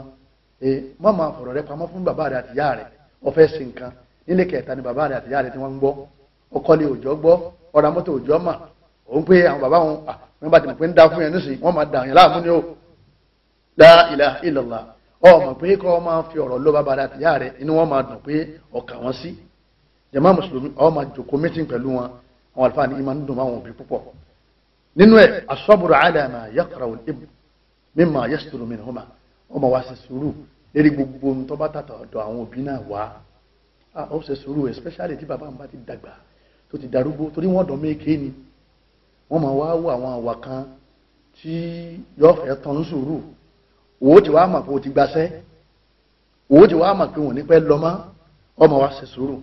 A: ẹ má máa fọ̀rọ̀ rẹ pamọ́ fún bàbá rẹ àtìyá rẹ ọ̀fẹ́ sí nǹkan nílé kẹta ni bàbá rẹ àtìyá rẹ tí wọ́n ń gbọ́ ọkọlẹ̀ òjò gbọ́ ọ̀rọ̀ mọ́tò òjò mà òun pé àwọn bàbá wọn àwọn bá ti mọ̀ pé ń dá fún yẹn nísìnyí wọ́n máa yẹn láàmú ni ó dá ilà pé kọ́ máa fi ọ̀rọ̀ lọ bàbá rẹ àtìyá rẹ inú wọn máa dùn pé ọkà wọn sí ọ máa jòkó àwọn àlùfáà ní ìmọ̀ ń dùn máwọn òbí púpọ̀ nínú ẹ̀ asọ́bùrù àdàmà yàkùrà òlìbù mímọ̀ yẹ́sùtùrù mi nìhùmà ọmọ wa ṣe sùúrù lérí gbogbo ohun tàtà ọ̀dọ̀ àwọn òbí náà wá ó ṣe sùúrù especially tí bàbá mi bá ti dàgbà tó ti darúgbó torí wọ́n dọ̀ méèké ni wọ́n máa wá wọ àwọn àwà kan tí yóò fẹ́ tán sùúrù òwò tí wàá mọ̀ pé o ti gbaṣẹ́ òwò tí wàá mọ̀ pé òun ní pẹ́ ọmọ wa ṣe sùúrù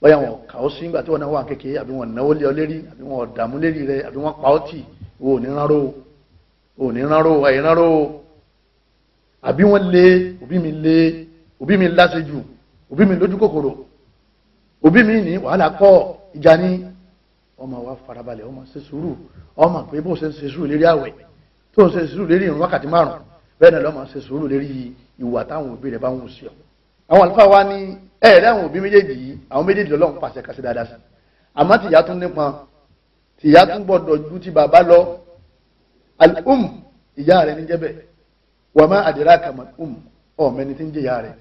A: bóyá wọn kà ó sí nígbà tí wọn náà wà kékeré àbí wọn náwó lé ọ lérí àbí wọn dààmú lérí rẹ àbí wọn pa ọ tì wò ní ráró wò ní ráró ẹ̀yìn ráró àbí wọn lé òbí mi lé òbí mi láṣejù òbí mi lójú kòkòrò òbí mi ní wàhálà kọ ìjà ní ọmọ wa farabalẹ̀ ọmọ ṣe sùúrù ọmọ pé bó ṣe ń ṣe sùúrù lérí àwẹ̀ tó ń ṣe sùúrù lérí ìrun wákàtí márùn bẹ́ẹ̀ náà lọ́mọ àwọn àlùfáà wa ní ẹ̀ẹ́dẹ́ àwọn òbí méjèèjì yìí àwọn méjèèjì lọ́lọ́run pàṣẹ kàṣẹ dáadáa sí àmọ́ tìyá tún nípa tìyá tún gbọ́dọ̀ ju ti bàbá lọ al-um ìyá rẹ̀ níjẹ́ bẹ́ẹ̀ wà má àdìrá kàmàl um ọmọ ẹni tí ń jẹ́ ìyá rẹ̀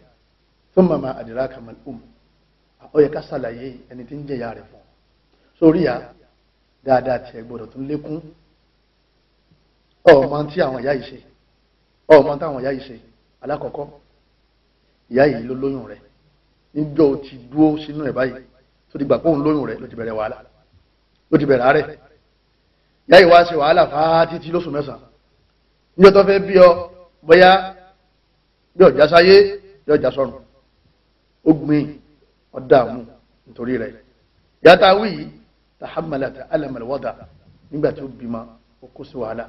A: fún màmá àdìrá kàmàl um ó ká ṣàlàyé ẹni tí ń jẹ́ ìyá rẹ̀ fún sórí ya dáadáa tiẹ̀ gbọ́dọ̀ tún lékún ọmọ tí àwọn ìyá yìí ṣe ọmọ táwọn ìyá yìí ló lóyún rẹ̀ níjọ́ ó ti dúró sínú ẹ̀ báyìí tó ti gbà pé òun lóyún rẹ̀ ló ti bẹ̀rẹ̀ wàhálà ló ti bẹ̀rẹ̀ àárẹ̀ ìyá yìí wá ṣe wàhálà fáá títí lóṣù mẹ́sàn-án níjọ́ tó fẹ́ bí ọ bóyá bí ọjà sáyé bí ọjà sọ̀rùn ó gbìn ọ̀dààmú nítorí rẹ̀ yàtà wíyí tàhámàlàtà alàmàlàwọ́dà nígbà tí bímọ ó kó sí wàhálà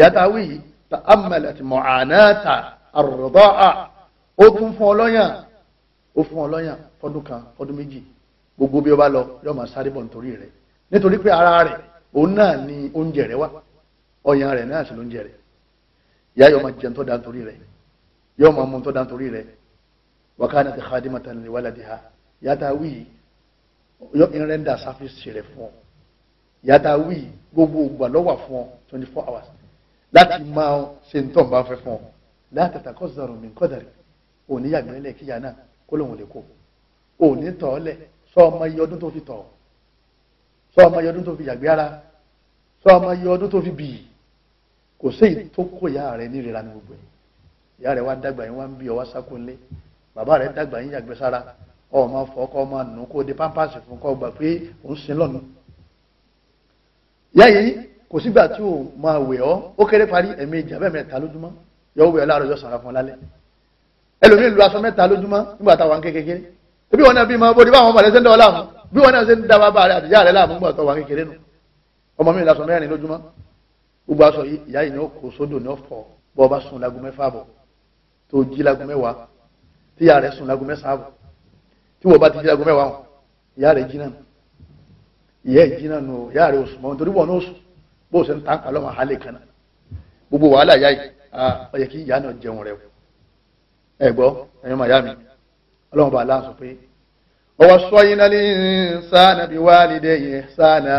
A: yàtà wíyí tàhámàlàtà mọ̀ánátà àrùrọ̀dọ́à ó tún fún ọlọ́yàn ó fún ọlọ́yàn fọdún kan fọdún méjì gbogbo bí ó bá lọ yóò máa sáré bọ̀ nítorí rẹ̀ nítorí pé ara rẹ̀ òun náà ni oúnjẹ rẹ̀ wá ọyàn rẹ̀ náà sì lóúnjẹ rẹ̀ ìyá yóò máa jẹun tó dáa nítorí rẹ̀ yóò máa mú tó dáa nítorí rẹ̀ wa kanat khadimatan li waladiha yàtà wíì yóò ń rẹ́ńdà sáfíìsì rẹ̀ fún ọ yàtà wíì gbogbo ògbà lọ́wà fún ọ twenty four hours láti máa ṣe ń tọ́ bá fẹ́ fún ọ látàtà kọ́ zàrùn mi kọ́ dàrí òní yàgbẹ́ lẹ̀ kíyà náà kó lóun lè kó òní tọ̀ lẹ̀ sọ ọmọ iye ọdún tó fi tọ̀ sọ ọmọ iye ọdún tó fi yàgbẹ́ ara sọ ọmọ iye ọdún tó fi bì í kò séyìí tó kó ìyá rẹ nírira ní gbogbo ẹ̀ ìyá rẹ wá dàgbà yín wá ń bí ọ wá sákòlé bàbá rẹ dàgbà yín yàgbẹ́ sára ọmọ fọkọ ọmọ nù kó de pampasì fún kọ gbà pé òun sin lọ́nu ìyá yìí kò sígbà tí ò máa wẹ̀ ọ́ ó kéré parí ẹ̀mí ìjà bẹ́ẹ̀ mẹ́ta lójúmọ́ yọ wẹ̀ ọ́ láàárọ̀ yọ sàrà fún ọ lálẹ́ ẹlòmíì lu aṣọ mẹ́ta lójúmọ́ nígbà táwọn kékeré ebi wọn náà bí ma bó di báwọn ọmọ rẹ ṣe ń dọwọ láàmú bí wọn náà ṣe ń da bàbá rẹ àtìyá rẹ láàmú nígbà táwọn kékeré nù ọmọ mi lásọ mẹ́rin lójúmọ́ gbogbo aṣọ yìí ìyá yìí ni ó kó sódò ní ọ̀fọ̀ bọ́ ọba sùn lagun mẹ́fà bọ̀ tó jí lagun mẹ́wàá tíyà rẹ sùn lagun mẹ́sàn-án bọ̀ tí wọ́n bá ti jí lagun mẹ́wàá wọn ìyá rẹ jí náà ìyá ẹ̀ jí náà ìyá rẹ oṣù mọ́ nítorí wọn oṣù bó o ṣe ń ta àlọ́ wọn àlè kan náà gbogbo wàhálà ìyá yìí ah, ó yẹ kí ìyá náà jẹun rẹ o ẹ̀gbọ́ ẹ̀yọ́ mi ọlọ́run bá aláǹsọ pé ọwọ́ sọ́yìn sáànà bíi wálìdé yẹn sáànà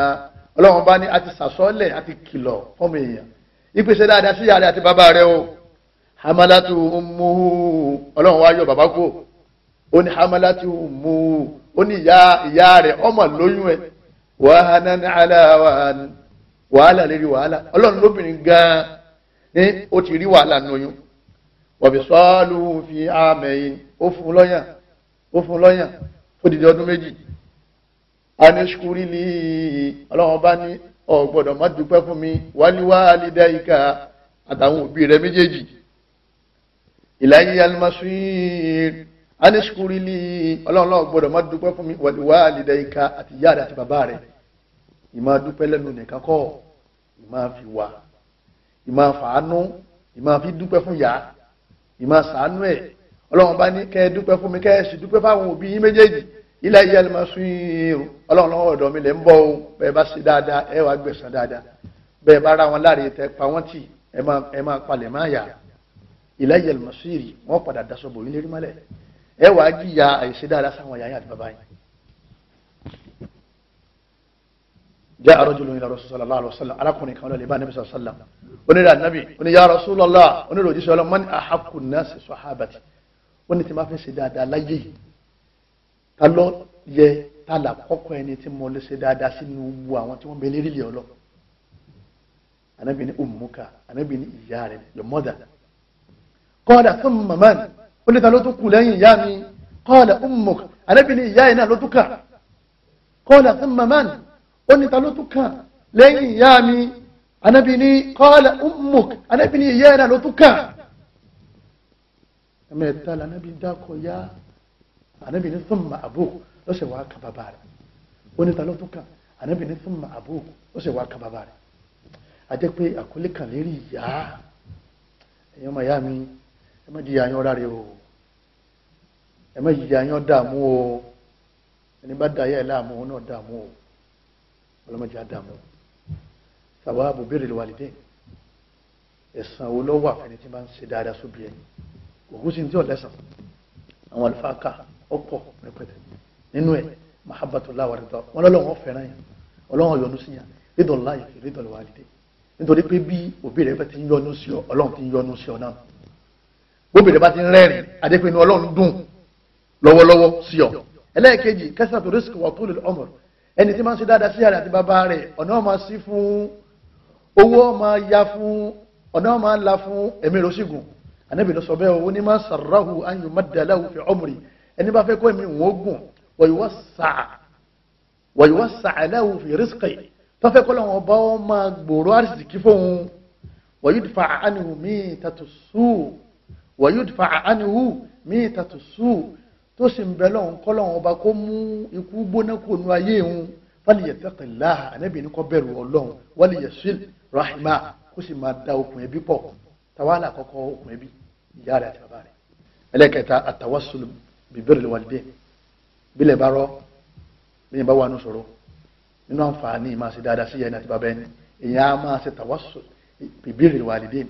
A: ọlọ́run bá ní àti sàsọ́lẹ̀ àti kìlọ fọ́mọ èèyàn ìpèsè dáadáa sí ìyá àti bàbá o hamalatu ummu ọlọ́run wá yọ bàbá kú ó ní hamalatu ó ní ìyá ìyá ọmọ lóyún wàhánà ní wàhálà ọ̀bìsọ́ọ̀lù fi àmẹ́yìn ó fún lọ́yàn ó fún lọ́yàn ó dìde ọdún méjì anishkuri li ọlọ́run bá ní o gbọ́dọ̀ má dúpẹ́ fún mi wáliwá alídá ìka àtàwọn òbí rẹ méjèèjì ìlàyé alimasuir anishkuri li ọlọ́run ló gbọ́dọ̀ má dúpẹ́ fún mi wáliwá alídá ìka àti yára àti bàbá rẹ ìmá dúpẹ́ lẹ́nu nìkan kọ́ ìmá fi wà ìmá fàánú ìmá fi dúpẹ́ fún yàrá ìmọ̀ sànú ẹ̀ ọlọ́run bá ní kẹ́ ẹ dúpẹ́ fún mi kẹ́ ẹ sì dúpẹ́ fáwọn òbí yín méjèèjì ilé ayé ẹni máa sún yín o ọlọ́run lọ́wọ́ ọ̀dọ̀ mi lè ń bọ̀ o bẹ́ẹ̀ bá ṣe dáadáa ẹ wàá gbẹ̀sán dáadáa bẹ́ẹ̀ bá ra wọn láre tẹ pa wọ́n tì ẹ máa ẹ máa palẹ̀ máa yà ilé ayé ẹni máa sún yìí wọ́n padà daṣọ bò yín lérí mọ́lẹ̀ ẹ wàá jìyà àìṣe sáwọn yàyà àti bàbá yín jẹ́ àrọ́jùlọ ìlà rasulallah alọ́sọ́lá arákùnrin kan lọ́lẹ̀ bá níbi sọ́sọ́lá onílẹ̀ ànábì oníyà rasulallah onílẹ̀ òjíṣẹ́ ọlọ́run mọ́ni àhàkù náà sì sọ́hábàtì ó ní tí máa fi ṣe dáadáa láyé yìí ta ló yẹ ta là kọ́kọ́ ẹni tí mo lè ṣe dáadáa sí ní gbogbo àwọn tí wọ́n bẹ lérí ilẹ̀ ọlọ́ ànábì ní ummuka ànábì ní ìyá rẹ̀ your mother kọ́ọ̀dà fún màmá ni ó ní ta ló tún kù lẹ́yìn ìyá mi kọ́ọ̀dà ummuka ànábì ní ìyá yẹn náà ló tún kà kọ́ọ̀dà fún màmá ni ó ní ta ló tún kàn lẹ́yìn ìyá mi anabi ní kọ́ọ̀lẹ̀ ummuk anabi ní ìyá ẹ̀rọ ló tún kàn mẹ́ta lànàbí dákọ̀ yá anabi ní sọ́mà àbò lọ́sẹ̀ wàá kà bàbá rẹ̀ ó ní ta ló tún kàn anabi ní sọ́mà àbò lọ́sẹ̀ wàá kà bàbá rẹ̀ àjẹ́ pé àkọlé kan lérí ìyá ẹ̀yọ́ ọmọ ìyá mi ẹ má di àyàn rárẹ̀ o ẹ má di àyàn dààmú o ẹni bá da ayé ẹ̀ láàmú náà dààmú o ọlọ́mọdé àdàmú sàwáàbù bèrè lè wàlídé ẹ̀sán wo lọ́wọ́ àfẹni tí bá ń ṣe dáadáa sóbi ẹni òkú sí ti ọ̀lẹ́sàn àwọn àlùfáà ká ọ̀pọ̀ rẹpẹtẹ nínú ẹ̀ mahabbatullah wa ridha wọn lọ́lọ́wọ́ fẹ́ràn yẹn ọlọ́wọ́ yọ́nú sí yẹn rídọ̀ láyé rídọ̀ lè wàlídé nítorí pé bí òbí rẹ bá ti ń yọ́nú sí ọ ọlọ́run ti ń yọ́nú sí ọ náà bóbi rẹ bá ti ń rẹ́rìn adépinnu ọlọ́run dùn lọ́wọ́lọ́wọ́ sí ọ ẹlẹ́ẹ̀kejì kẹsàn-án tó rísíkì wà tó lè ọmọ rẹ ẹni tí máa ń ṣe dáadáa sí àrẹ àti bàbá rẹ̀ ọ̀nà ọmọ sí fún owó ọmọ ya fún ọ̀nà ọmọ la fún ẹ̀mí rọ́ṣìgùn ànábì lọ sọ bẹ́ẹ̀ owó ní máa sàráhù an yumadda lahu fi umri ẹni bá fẹ́ kó ẹ̀mí wọn gùn wa yuwassa'a lahu fi rizqi tó fẹ́ kó lọ́wọ́ bá wọn máa gbòòrò àrísìkí fóun wa yudfa'a anhu mitatu su tó sì ń bẹ lọ́hùn kọ́ lọ́hùn ọba kó mú ikú gbóná kó nu ayé òun falyattaqillaha ànábì ní kó bẹ̀rù ọlọ́hùn walyasil rahima kó sì máa da okùn ẹbí pọ̀ tawala kọ́kọ́ okùn ẹbí ìyá rẹ̀ àti bàbá rẹ̀ ẹlẹ́kẹta at-tawassul bi birril walidain bílẹ̀ bá rọ́ bí yẹn bá wà ní sọ̀rọ̀ nínú àǹfààní máa ṣe dáadáa sí yẹn àti bàbá ẹni ìyá máa ṣe tawassul bi birril walidain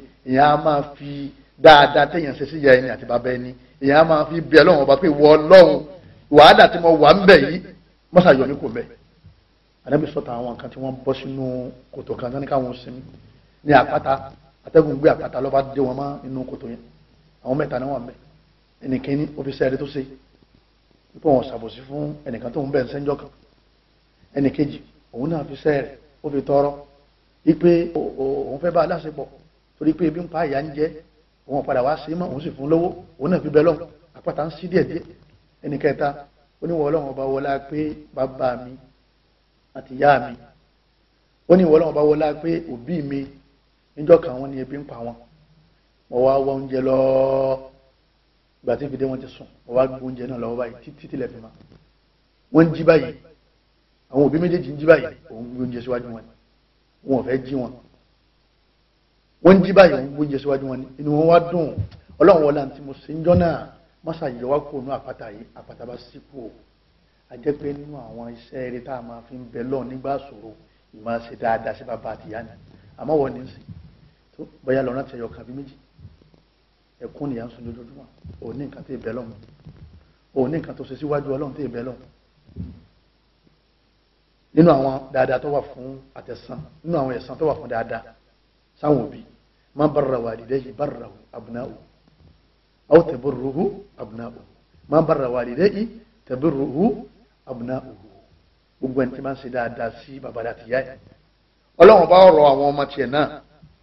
A: dáadáa téèyàn ṣe síyà ẹni àti bàbá ẹni èèyàn máa fi bí ọlọ́run ọba pé wọ ọlọ́run wàhálà tí mo wà ń bẹ̀ yìí mọ́sá yọ ní kò bẹ̀. àdàbí sọ̀tà àwọn nǹkan tí wọ́n bọ́ sínú kòtò kan ní káwọn sinmi ní àpáta àtẹ́gùn gbé àpáta lọ́ba dé wọn mọ́ inú kòtò yẹn àwọn mẹ́ta ni wọ́n bẹ̀ ẹnìkíní òfìsẹ́ rẹ tó ṣe wípé wọn ṣàbòsí fún ẹnìkan tó ń bẹ̀ ń sẹ́ńjọ́ kan ẹnìkejì òun náà fi sẹ́ẹ̀rẹ̀ ó fi tọrọ wípé òun fẹ́ bá aláṣepọ̀ torí pé ebi ń pa ìyá ń jẹ òun padà wá sí mọ́ òun sì fún lówó òun náà fi bẹ́ lọ́wọ́ àpáta ń sí díẹ̀díẹ̀ ẹnì kẹta oníwọ̀ ọlọ́run ọba wọlá pé bàbá mi àti ìyá mi oníwọ̀ ọlọ́run ọba wọlá pé òbí mi níjọ́ kan wọ́n ní ebi ń pa wọn mo wá wọ oúnjẹ lọ ìgbà tí fìdí wọn ti sùn mo wá gbé oúnjẹ náà lọ́wọ́ báyìí títí tilẹ̀ fi ma wọ́n ń jí báyìí àwọn òbí méjèèjì ń jí báyìí òun gbé oúnjẹ síwájú wọn wọn ò fẹ́ jí wọn wọ́n jí báyìí wọ́n gbóúnjẹ síwájú wọn ni inú wọn wá dùn ọlọ́run wọlé àti mo sì ń jọ́nà mọ́sá yọ wá kó nu àpáta yìí àpáta bá sí kú o àjẹ́ pé nínú àwọn iṣẹ́ eré tá a máa fi ń bẹ lọ nígbà ṣòro ìmọ̀ ṣe dáadáa sí bàbá àti ìyá ni àmọ́ wọ́n ní í sìn tó bóyá lọ́nà ti ẹ̀yọ̀ kàbí méjì ẹ̀kún nìyà ń sun lójoojúmọ́ òní nǹkan nǹkan tó ṣe síwájú ọlọ́run ما barra والديه بره أبناؤه أو تبره أبناؤه ما barra والديه تبره أبناؤه gbogbo ẹni tí máa ń ṣe dáadáa sí bàbá àti ìyá ẹ̀ ọlọ́run bá rọ àwọn ọmọ tiẹ̀ náà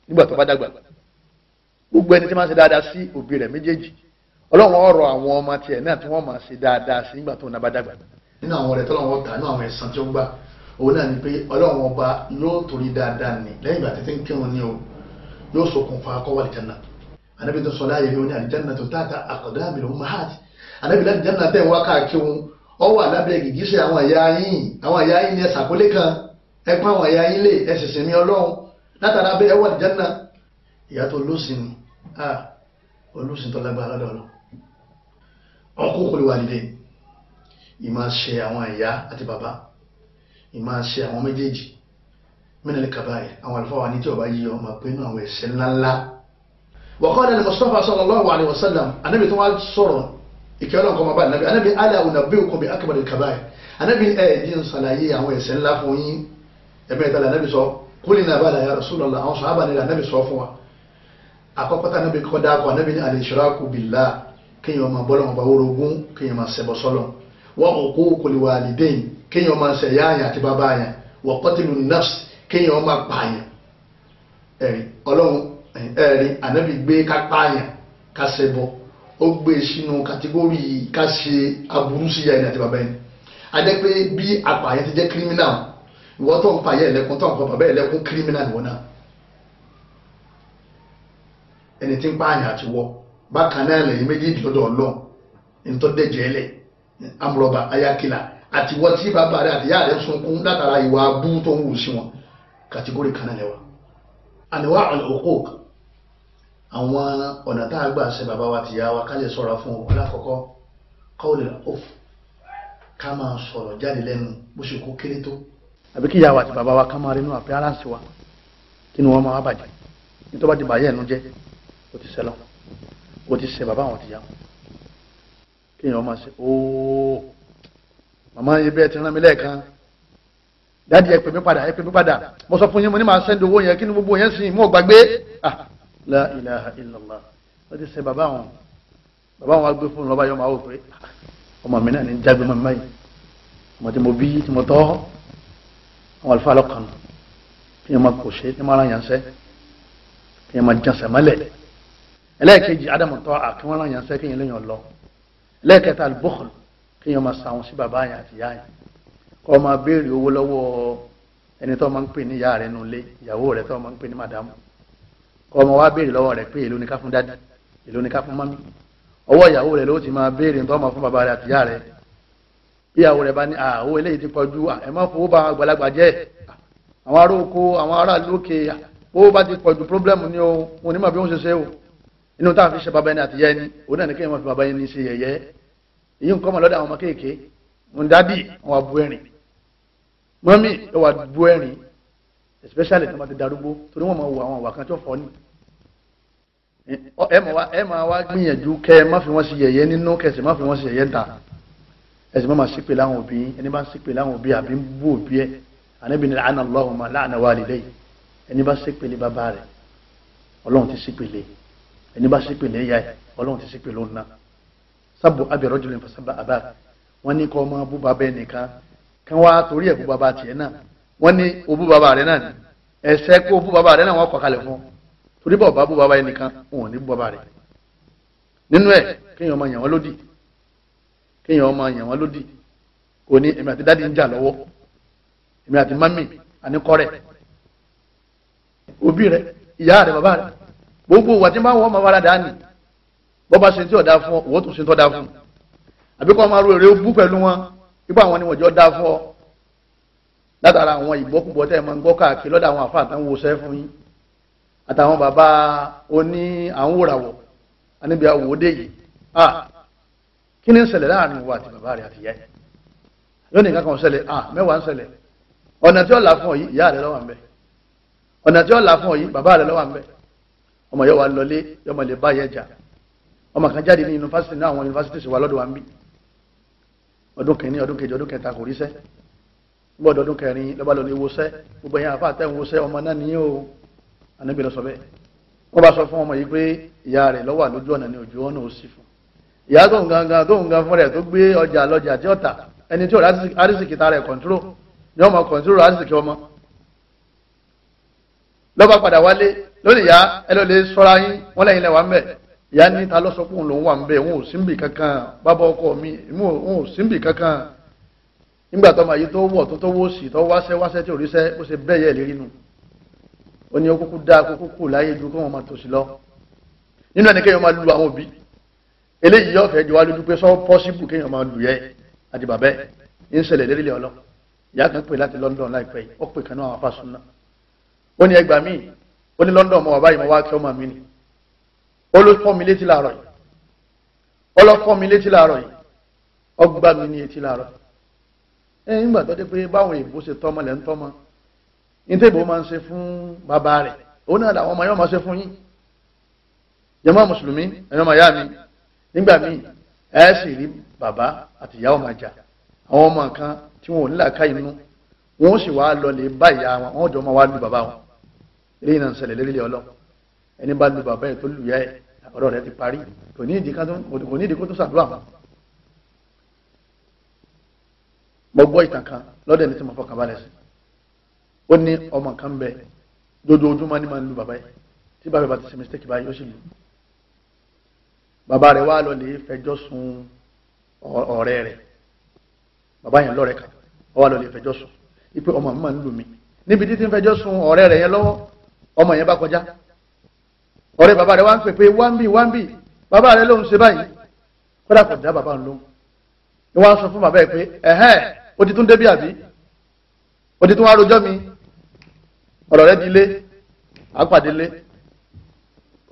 A: nígbà tó bá dàgbà gbogbo ẹni tí máa ń ṣe dáadáa sí òbí rẹ̀ méjèèjì ọlọ́run ọ̀rọ̀ àwọn ọmọ tiẹ̀ náà tí wọ́n máa ṣe dáadáa sí nígbà tó ń abádàgbà. nínú àwọn ọ̀rẹ́ tọ́lọ́wọ́ ta nínú àwọn ẹ̀sán tí ó gbà òun náà ni pé ọlọ́run ọba yóò torí dáadáa nì lẹ́yìn ìgbà títí ń kírun ní o yóò ṣokùnfà akọwà àlìjánà anabi tó sọ láàyè ní oní àlìjánà tó tààtà àkàdá mi lòún mahat anabi àlìjánà tẹ̀ wá káàkiri ọ wà lábẹ́ gìgísẹ̀ àwọn ẹ̀yà yín àwọn ẹ̀yà yín ni ẹ sàkólé kan ẹ pa àwọn ẹ̀yà yín lé ẹ sì sinmi ọlọ́run látara bẹ́ ẹ wà àlìjánà ìyàtọ̀ olóṣìn ni olóṣìn tó lágbára lọ́dọ̀ ọkọ̀ kò lè wà nílé ìmáa ṣe àwọn ẹ̀yà àti bàbá ìmáa ṣe àwọn méjèèjì mínàlẹ́ kàbáyé àwọn àlùfáà wà ní tí ọba yíyọ ọmọ pé inú àwọn ẹ̀ṣẹ̀ ńláńlá. wàhálà ni mustapha sallallahu alayhi wa sallam anabi tó wá sọ̀rọ̀ ìkẹ́ ọlọ́run kọ́ máa bá anabi anabi ala unabbi'ukum bi akbaril kaba'ir anabi ẹ̀ jí ń ṣàlàyé àwọn ẹ̀ṣẹ̀ ńlá fún yín ẹ̀bẹ̀ ìtàlẹ̀ anabi sọ kúlì náà bàlá ya rasulallah àwọn sọ abàlẹ̀ anabi sọ fún wa àkọ́kọ́ tá anabi kọ́ dáko anabi ní al-ishraku billah kéèyàn máa bọ́ lọ́wọ́ bá wórogún kéèyàn máa ṣẹbọ sọ́lọ́ wa uququl walidayn kéèyàn máa ṣẹ̀yà àyàn àti bàbá àyàn wa qatlun nafs kéèyàn máa pààyàn ẹ̀rí ọlọ́run ẹ̀rí ànábì gbé ká pààyàn ká ṣẹbọ ó gbé sínú kàtígórì ká ṣe aburú sí ìyá ẹni àti bàbá ẹni adé pé bí apààyàn ti jẹ́ criminal ìwọ tó ń pààyàn ẹ̀lẹ́kùn tó ń pa bàbá ẹ̀lẹ́kùn criminal ìwọ náà ẹni tí ń pààyàn àti wọ bákan náà lẹ́yìn méjèèjì lọ́dọ̀ ọlọ́run ẹni tó dẹ̀jẹ̀ ẹlẹ̀ amúrọ̀bà ayákìlá àtiwọ́ tí bàbá rẹ̀ àtìyá rẹ̀ sunkún látara ìwà abú tó ń wù sí wọn kàtígórì kan náà lẹ́wà àníwá al-uquq àwọn ọ̀nà tá a gbà ṣe bàbá wa tìyá wa ká lè sọ̀rọ̀ fún wọn lákọ̀ọ́kọ́ kọ́ọ̀lì ọ̀f ká máa sọ̀rọ̀ jáde lẹ́nu bó ṣe kó kéré tó. àbí kí ìyá wa àti bàbá wa ká máa rí inú àpẹ́ aláǹsì wa kí ni wọ́n máa bàjẹ́ nítorí bá ti bàyẹ̀ ẹ̀nu jẹ́ ó ti sẹ́lọ̀ ó ti sẹ́ bàbá àwọn tìyá wọn kí ni wọ́n máa ṣe ooo màmá ibẹ̀ ti rán mi lẹ́ẹ̀kan dáàdi ẹ pè mí padà ẹ pè mí padà mo sọ fún yín mo ní màá sẹ́ndì owó yẹn kí ni gbogbo yẹn sìn mú ọgbàgbé ah la ilaha illallah wọ́n ti sẹ́ bàbá wọn bàbá wọn wá gbé fóònù lọ́ba yọ máa wò pé ah, ọmọ mi náà ní jágbe mọ́ mi báyìí ọmọ tí mo bí tí mo tọ́ àwọn àlùfáà lọ́kàn kí yẹn máa kò ṣe kí yẹn máa ra yànṣẹ́ kí yẹn máa jànsẹ̀ mọ́lẹ̀ ẹlẹ́ẹ̀kejì ádámù tọ́ à ah, kí wọ́n ra yànṣẹ́ kí yẹn lè yàn lọ ẹlẹ́ẹ̀kẹta al-bukhl kí yẹn máa sa àwọn sí bàbá yẹn àti yá yẹn kọ́ máa béèrè owó lọ́wọ́ ẹni tó máa ń pè ní ìyá rẹ̀ nulẹ̀ ìyàwó rẹ̀ tó máa ń pè ní màdàmú kọ́ máa wá béèrè lọ́wọ́ rẹ̀ pé èló ni ká fún dádì èló ni ká fún mọ́mí ọwọ́ ìyàwó rẹ̀ ló ti máa béèrè tó máa fún bàbá rẹ̀ àtìyá rẹ̀ ìyàwó rẹ̀ bá ní àwọ̀ eléyìí ti pọ̀jù ẹ má fowó bá àgbàlagbà jẹ́ àwọn ará oko àwọn ará lókè owó bá ti pọ̀jù pírọ́blẹ́mù ni o wọn ò ní mọ̀ bí wọ́n ṣe ṣe o inú táwọn fi ṣe bàbá ẹni àtìyá ẹni òun náà ní kéèyàn fi bàbá ẹni ṣe yẹ̀yẹ́ èyí ń mọ̀ lọ́dọ̀ àwọn ọmọ kéèké ń dádì àwọn abu ẹ̀rìn mọ́mí ẹ wà bú ẹ̀rín especially tí wọ́n ti darúgbó torí wọ́n máa wọ àwọn àwàkan tó fọ́ ni ẹ máa wá gbìyànjú kẹ ẹ má fi wọ́n sí yẹ̀yẹ́ nínú kẹsì má fi wọ́n sí yẹ̀yẹ́ ta ẹsì má máa sípè láwọn òbí ẹni bá ń sípè láwọn òbí àbí ń bú òbí ẹ ànábì ní àná lọ́hùn máa láàánú wa lè léyìí ẹni bá sípè lé bàbá rẹ ọlọ́run ti sípè lé ẹni bá sípè lé yá ẹ ọlọ́run ti sípè lónà sábò abẹ́rọ́jùlẹ̀ fún sábà àbá wọn ní kọ́ ọmọ bú bàbá ẹnìkan kí wọ́n torí ẹ̀kú bàbá tiẹ̀ náà wọ́n ní obú baba rẹ̀ náà ni ẹ̀sẹ̀ kó obú baba rẹ̀ náà wọ́n kọ̀ kalẹ̀ fún torí bọ̀ bá bú bàbá yẹn nìkan wọn ò ní bú bàbá rẹ̀ nínú ẹ̀ kéèyàn máa yàn wọ́n lódì kéèyàn máa yàn wọ́n lódì kò ní èmi àti dádì ń jà lọ́wọ́ èmi àti mami àníkọ́ rẹ̀ òbí rẹ̀ ìyá rẹ̀ bàbá rẹ̀ gbogbo wà tí máa wọ́n máa wára dání bọ́ bá ṣe tí ọ̀dà fún owó Ibo àwọn ni wọ́n jọ dá fún ọ látara àwọn ìgbọ́kùnbọ́ tẹ́ ẹ máa ń gbọ́ káàkiri lọ́dọ̀ àwọn àfa àtàwọn oṣẹ́ fún yín àtàwọn bàbá oní àwọn òràwọ̀ àníbi àwòdè yìí à kí ni ń ṣẹlẹ̀ láàrin ìwà àti bàbá rẹ̀ àti ìyá yẹn lónìí kankan ṣẹlẹ̀ à mẹ́wàá ń ṣẹlẹ̀ ọ̀nà tí ó là fún ọ yìí ìyá rẹ̀ ló ń bẹ ọ̀nà tí ó là fún ọ yìí bàbá rẹ̀ ló ń bẹ ọmọ yóò wá lọlé yọmọ lè bá yẹ jà ọmọ kan jáde ní yunifásitì náà àwọn yunifásitì sì wà lọ́dọ̀ wa ń bí ọdún kìíní ọdún kejì ọdún kẹta kò ríṣẹ́ gbọ́dọ̀ ọdún kẹrin gbogbo yẹn ọmọ náà ní sọ fún ọmọ yìí pé ìyá rẹ̀ lọ́wọ́ ọ̀nà ni òjò ọ̀nà ò sí fún ìyá tó ń gangan tó ń gan fún tó gbé ọjà lọjà tí ẹni tí ó rẹ̀ ni ọmọ ìyá ní ta ló sọ pé òun lòún wà ń bẹ òun ò síbì kankan bàbá ọkọ mi òun ò síbì kankan nígbà tó ma yí tó wọ̀ tó tó wó sí tó wáṣẹ́ wáṣẹ́ tí ò ríṣẹ́ ó ṣe bẹ́ẹ̀ yẹ lérí nu ó ní okúkú dá kúkú kù láyé ju kó wọn máa tòṣì lọ nínú ẹni kéèyàn máa lu àwọn òbí eléyìí yóò fẹ́ jọ wá lójú pé sọ pọ́sibù kéèyàn máa lu yẹ àti bàbẹ́ ń ṣẹlẹ̀ lérí lẹ́ ọlọ́ ìyá kan pè láti London láìpẹ́ yìí ó pè kan náà àwọn afásùn náà ó ní ẹgbàá míì ó ní London mo wà báyìí mo wá kí ọmọ mi ni olófọ́ mi létí làárọ̀ yìí ọlọ́fọ́ mi létí làárọ̀ yìí ọgbà mi ní etí làárọ̀ ẹ ń gbàgbọ́ dé pé báwọn èèbó ṣe tọ́mọ lẹ́ ń tọ́mọ ní tèbó máa ń ṣe fún bàbá rẹ̀ òun náà làwọn ọmọ yóò máa ṣe fún yín jàmá mùsùlùmí ẹ̀yọ́ màá yá mi nígbà míì ẹ sì rí bàbá àti ìyá ọmọ àjà àwọn ọmọ kan tí wọn ò ní làákà inú wọn ó sì wá lọ bá ìyá wọn wọn ò jọ máa wá lu bàbá wọn eré ìnà ń ṣẹlẹ̀ lérí ọlọ́ ẹni bá lu bàbá ẹ̀ tó lu ìyá ọ̀rọ̀ rẹ̀ ti parí kò ní ìdí kó tó ṣàdúrà mọ́. mo gbọ́ ìtàn kan lọ́dẹ̀ ní tí mo fọkàn balẹ̀ sí ó ní ọmọ kan bẹ dojoojúmọ́ ní máa ń lu bàbá yìí tí bàbá bá ti ṣe mistake báyìí ó sì lù bàbá rẹ̀ wá lọ lè fẹjọ́ sun ọ̀rẹ́ rẹ̀ bàbá yẹn lọ́rẹ̀ kan ó wá lọ lè fẹjọ́ sun ipe ọmọ mi máa ń lù mí níbi títí ń fẹjọ́ sun ọ̀rẹ́ rẹ̀ yẹn lọ́wọ́ ọmọ yẹn bá kọjá ọ̀rẹ́ bàbá rẹ̀ wá ń pè pé wá ń bì wá ń bì bàbá rẹ̀ ló ń ṣe báyìí kódà kò dá bàbá lóhùn ni wọ́n á sọ fún bàbá ẹ̀ pé ẹ̀hẹ́ o ti tún débi àbí o ti tún wá rojọ́ mi ọ̀rọ̀ rẹ̀ di ilé àpàdé ilé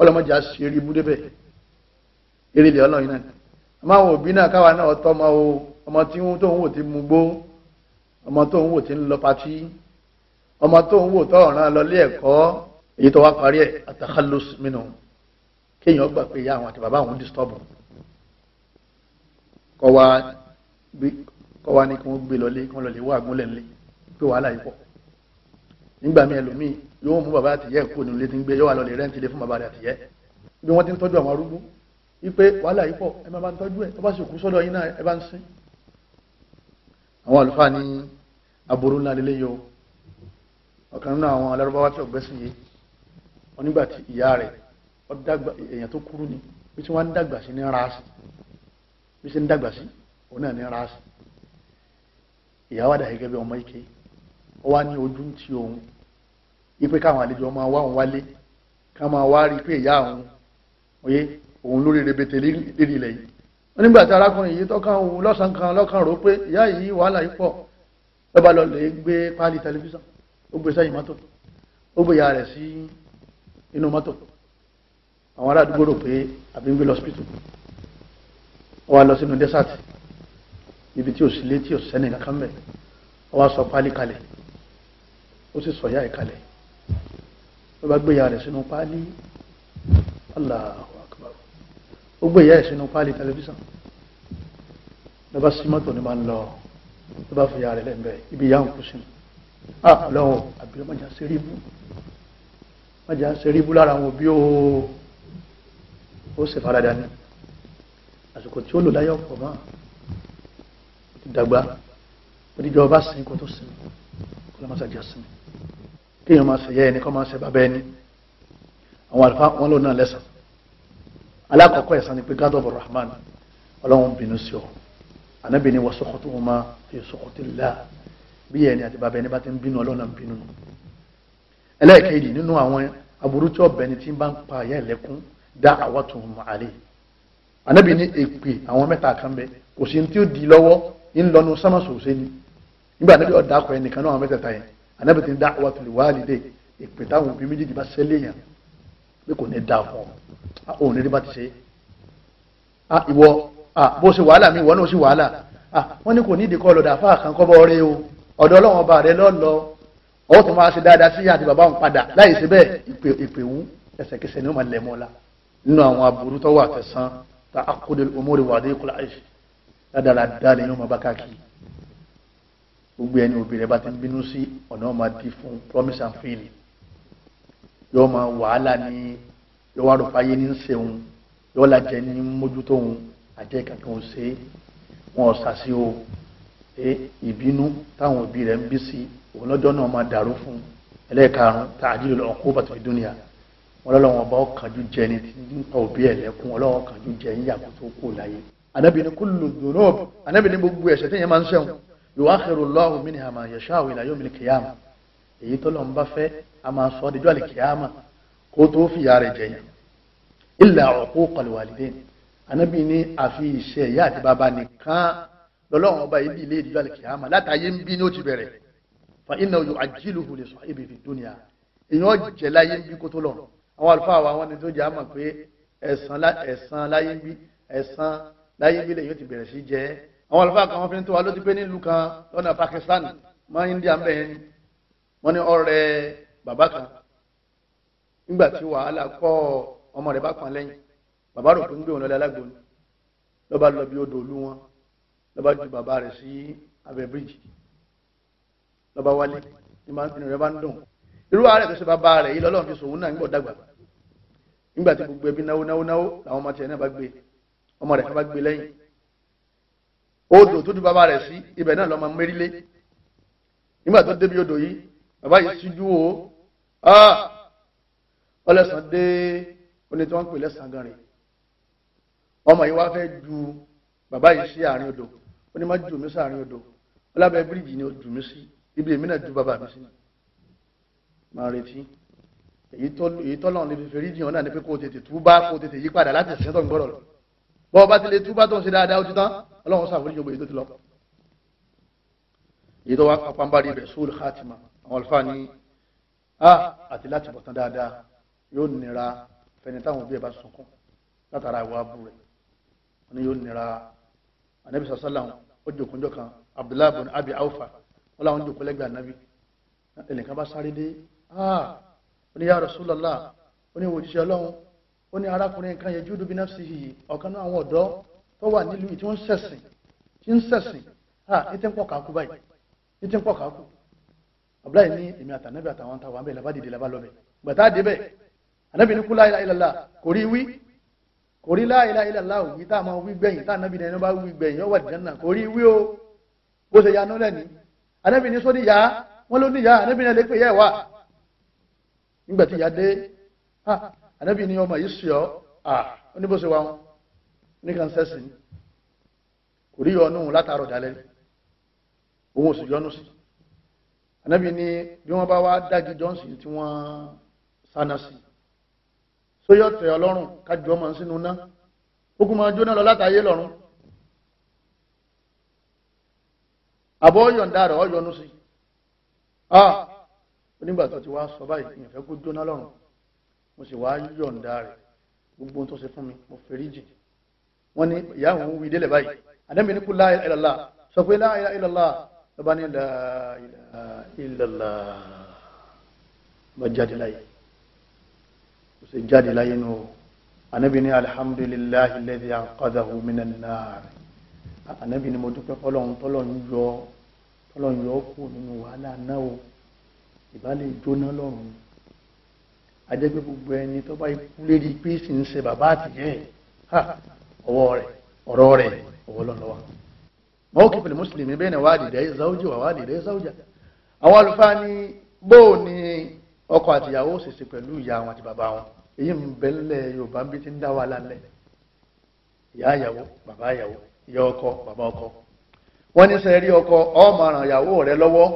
A: ọlọ́mọdé àṣírí ibú débẹ̀ eré ilẹ̀ ọlọ́yin náà àmọ́ àwọn òbí náà káwa náà tọ́ ọmọ o ọmọ tí ń tóun wò ti mú gbó ọmọ tóun wò ti ń lọ patí ọmọ tóun wò tọ́ ọ̀ràn lọ lé ẹ̀kọ́ èyí tó wá parí ẹ̀ àtàkàlùs mìíràn kéèyàn gbà pé ìyá àwọn àti bàbá àwọn ń disturb kọ́ wá bí kọ́ wá ní kí wọ́n gbé lọlé kí wọ́n lọ lè wá àgúnlẹ̀ ńlẹ̀ pé wàhálà yìí pọ̀ nígbà míì ẹlòmíì yóò mú bàbá àtìyẹ́ kó nílé tí ń gbé yóò wà lọ lè rẹ́ǹtì lé fún bàbá àtìyẹ́ bí wọ́n ti ń tọ́jú àwọn arúgbó wípé wàhálà yìí pọ̀ ẹ máa bá ń tọ́jú ẹ̀ tó bá sì kú sọ́dọ̀ yín náà ẹ bá ń sin àwọn àlùfáà ní aburú ńlá lélẹ́yọ̀ ọ̀kan nínú àwọn alárúbáwá tí ọ̀gbẹ́sìn yìí onígbà tí ìyá rẹ̀ èèyàn tó kúrú ni bí tí wọ́n dàgbà sí ní raasi bí tí ń dàgbà sí òun náà ní raasi ìyá wa dà gẹ́gẹ́ bí ọmọ ike ó wá ní ojú ti òun ipe káwọn àlejò ọmọ wa òun wálé ká máa wá rí pé ìyá òun oyé òun lórí rebete lérí ilẹ̀ yìí wọ́n nígbà tí arákùnrin yìí tọ́kàn òun lọ́sàn-án kan lọ́kàn rò pé ìyá yìí wàhálà yìí pọ̀ lọ́ba lọ lè gbé páálí tẹlifíṣàn ó gbé sẹ́yìn mọ́tò ó gbé ìyá rẹ̀ sí nínú mọ́tò àwọn ará àdúgbò rò pé àbí ń gbé lọ́sípítù ó wá lọ sínú dẹ́sàtì ibi tí ò sí lé tí ò sẹ́ni kankan mẹ́ ó wá sọ páálí kalẹ̀ ó sì sọ ìyá kalẹ̀ ó bá gbé ìyá rẹ̀ sínú páálí Allahu Akbar ó gbé ìyá ẹ̀ sínú páálí tẹlifíṣàn lọ́ba sí mọ́tò ni máa ń lọ lọ́ba fi ìyá rẹ̀ lẹ́ńbẹ́ ibi ìyá ń kú sínú ah ọlọ́run àbí ọmọ ìjà bú májà ń ṣeré bú lára wọn bí ó ó sì farada ní àsìkò tí ó lò láyọ̀ pọ̀ mọ́ ti dàgbà oníjọ ọba sin kó tó sin kó lọ́mọ sàjà sin kéèyàn máa ṣẹ̀yẹ ẹni kó máa ṣẹ̀ bàbá ẹni àwọn àlùfáà wọn lò náà lẹ́sàn alákọ̀ọ́kọ́ ẹ̀san ni pé gádọ́ bọ̀ rahman ọlọ́run bínú sí ọ anábì ni wọ́n sọ́kọ́tò wọn máa fi sọ́kọ́tò là bí ẹni àti bàbá ẹni bá ti ń bínú ọlọ́run bínú ẹlẹ́ẹ̀kejì nínú àwọn aburú tí ọbẹ̀ ni tí ń bá ń pa àyà ẹ̀lẹ́kún dá àwa tó mọ̀ àlẹ́ ànábì ní èpè àwọn mẹ́ta kan bẹ kò sí tí ó di lọ́wọ́ ń lọnu sámàsòsè ni nígbà ànábì ọ̀dà akọ yẹn nìkan náà àwọn mẹ́tẹ̀ẹ̀ta yẹn ànábì ti dá àwa tó lè wáàlì dé èpè táwọn òbí méjì bá sẹ́lẹ̀ yàn pé kò ní da fún ọ òun ní rí bá ti ṣe ìwọ bó ṣe wàhálà mi ìwọ náà ṣe wàhálà wọ́n ní kò ní ìdíkọ́ lọ́dà fáà kan kọ́ bọ́ ọ́rẹ́ o ọ̀dọ́ ọwọ́ tó máa ṣe dáadáa sí ìyá àti bàbá òun padà láì ṣe bẹ́ẹ̀ ìpè ìpè wú ẹsẹ̀kẹsẹ̀ ni ó máa lẹ̀ mọ́ la nínú àwọn aburú tó wà tẹ̀sán ta akóde omori wà dé kúlá ẹ̀ṣẹ̀ dáadáa dáadáa ni ó máa bá káàkiri gbogbo ẹni obìnrin bá ti ń bínú sí ọ̀nà ọmọ di fún promise and fail yóò máa wàhálà ní yóò wá rọ̀pá yé ní ń ṣe òun yóò lajẹ ní mójútó òun àjẹ́ kankan ò ṣe é wọn ò sàṣì òun lọ́jọ́ náà máa dàrú fún ẹlẹ́ẹ̀karùn tààjìlì lọ́wọ́ kó bàtàn ìdúnìyà wọn lọ́wọ́ bá kánjú jẹ ní ti ń tọ́ òbí ẹ̀ lẹ́kún ọlọ́wọ́ kánjú jẹ ń yàgò tó kù láyé anabi ni kullu dhunub anabi ni gbogbo ẹ̀ṣẹ̀ tí yẹn máa ń ṣẹ̀wọ̀n yuwakhiru Allahu minha ma yasha'u ila yawmil qiyamah èyí tó lọ́n bá fẹ́ a máa sọ ọ́ díjọ́ àlìkìyàmà kó tó fìyà rẹ̀ jẹyàn illa uquqal walidain fa iná ojú àjílù hulè sọ ibi fi dúnìá èèyàn jẹ láyé ń bí kó tó lọ àwọn àlùfáà wa wọn ni tó jẹ àmọ́ pé ẹ̀san láyé ń bí ẹ̀san láyé ń bí lèyìn ó ti bẹ̀rẹ̀ sí jẹ àwọn àlùfáà kan wọn fi wa ló ti pé nílùú kan lọ́nà Pakistan mọ́ India ń bẹ̀ yẹn wọ́n ní ọ̀rẹ́ bàbá kan nígbà tí wàhálà kọ́ ọmọ rẹ̀ bá pọn lẹ́yìn bàbá rò tó ń gbé wọn lọ́lẹ́ alágbóni lọ́ba lọ bí odò olú wọn lọ́ba ju bàbá rẹ̀ sí abẹ́ bíríjì lọ́ba wálé inú rẹ̀ bá ń dùn irú ààrẹ tó ṣe bàbá rẹ̀ yìí lọ́lọ́run fi sòwò náà nígbà dàgbà nígbà tí gbogbo ẹbí náwó náwó náwó làwọn ọmọ tiẹ̀ náà bá gbé ọmọ rẹ̀ bá gbé lẹ́yìn odò tó dún bàbá rẹ̀ sí ibẹ̀ náà lọ́mọ mérílé nígbà tó débi odò yìí bàbá yìí síjú o ah! ọlẹ́sàn dé oní tí wọ́n pè lẹ́sàn gan rè ọmọ yìí wá fẹ́ ju bàbá yìí sí àárín odò ó ní má jù mí sí àárín odò ó bíríìjì ni ó jù mí sí ibi èmi náà ju bàbá mi sí máa retí èyí tọ́lọ̀ ní fífi rídìí ọ̀nà ní pé kó tètè túbá kó tètè yí padà láti ṣiṣẹ́ tó ń gbọ́rọ̀ lọ bọ́ọ̀ bá ti lè túbá tó ń ṣe dáadáa ó ti tán ọlọ́run sàfúrí gbogbo èyí tó ti lọ. èyí tó wá pàpàǹbarì rẹ̀ sóòlù khatima àwọn àlùfáà ní a ah, àti láti bọ̀ tán dáadáa yóò nira fẹni táwọn òbí ẹ̀ bá sunkún látara ìwà abu rẹ̀ wọn ni yóò nira anabi sàlám ó jòkúnjọ kan abdullahi bin wọ́n láwọn jòkó lẹ́gbẹ̀ẹ́ ànábì ẹnìkan bá sáré dé ah oní ya Rasulullah oní òjíṣẹ́ ọlọ́run oní arákùnrin kan yẹ júdú bí nafsihi ọ̀kan náà àwọn ọ̀dọ́ tó wà nílùú tí wọ́n ń sẹ̀sìn tí ń sẹ̀sìn ah ní ti ń pọ̀ káàkú báyìí ní ti ń pọ̀ káàkú abúláyé ní èmi àtànábì àtàwọn táwọn àbẹ̀ làbá dìde làbá lọ́bẹ̀ gbàtà débẹ̀ ànábì ní kú la ilaha illallah kò rí wí kò rí la ilaha illallah òwì tá a máa wí gbẹ̀yìn tá ànábì ní ẹni bá wí gbẹ̀yìn ó dìjẹ́ náà kò rí wí o bó ṣe yanú lẹ́nìí anábì ní sọ níyà wọ́n ló níyà anábì náà lè pè yá ẹ̀ wá nígbà tí ìyá dé anábì ọmọ yìí sùọ́ oníbòsè wa wọn nìkan sẹ́sì ni kò rí ọ̀nù látàárọ̀ dalẹ́ òun ò sì yọnu sí anábì ní bí wọ́n bá wá dági johnson tí wọ́n sáná sí sóyọ̀tẹ̀ ọlọ́run kájọ́ máa ń sínú ná ó máa jóná lọ látàáyé lọ́run àbọ̀ ọ̀yọ̀ǹda rẹ̀ ọ̀yọ̀nu sí ah onígbà tó ti wá sọ báyìí ìyẹn fẹ́ kó jóná lọ́rùn mo sì wá yọ̀ǹda rẹ̀ gbogbo tó ṣe fún mi mo fẹ́rí jì wọ́n ní ìyá òun wí délẹ̀ báyìí àdẹ́mi ní kú la ilaha illallah sọ pé la ilaha illallah lọ́ba ní la ilaha jáde láyé kò sì jáde láyé nù ànábì ní alhamdulillahi alladhi anqadhahu minan nar ànábì ni mo dúpẹ́ fọlọ́run tọ́lọ́run yọ tọ́lọ́run yọ kú nínú wàhálà náà o ìbálẹ̀ jóná lọ́rùn ajẹ́gbẹ́ gbogbo ẹni tó bá ikú lérí pé sì ń ṣe bàbá àtìyẹ́ ọwọ́ rẹ̀ ọ̀rọ̀ rẹ̀ ọwọ́ lọ́lọ́wọ́ mọ́ọ́kì pẹ̀lú mùsùlùmí bẹ́ẹ̀ ni wàádìí záwùjì wàádìí záwùjà àwọn àlùfáà ní bóò ni ọkọ àtìyàwó ṣèṣe pẹ̀lú ìyá wọn àti bàbá wọn èyí ń bẹ́ńlẹ̀ yorùbá bí ti ń dá wàhálà lẹ̀ ìyá ìyàwó bàbá ìyàwó ìyá ọkọ bàbá ọkọ wọn ní sẹ́ẹ̀rí ọkọ ọmọ àràn ìyàwó rẹ lọ́wọ́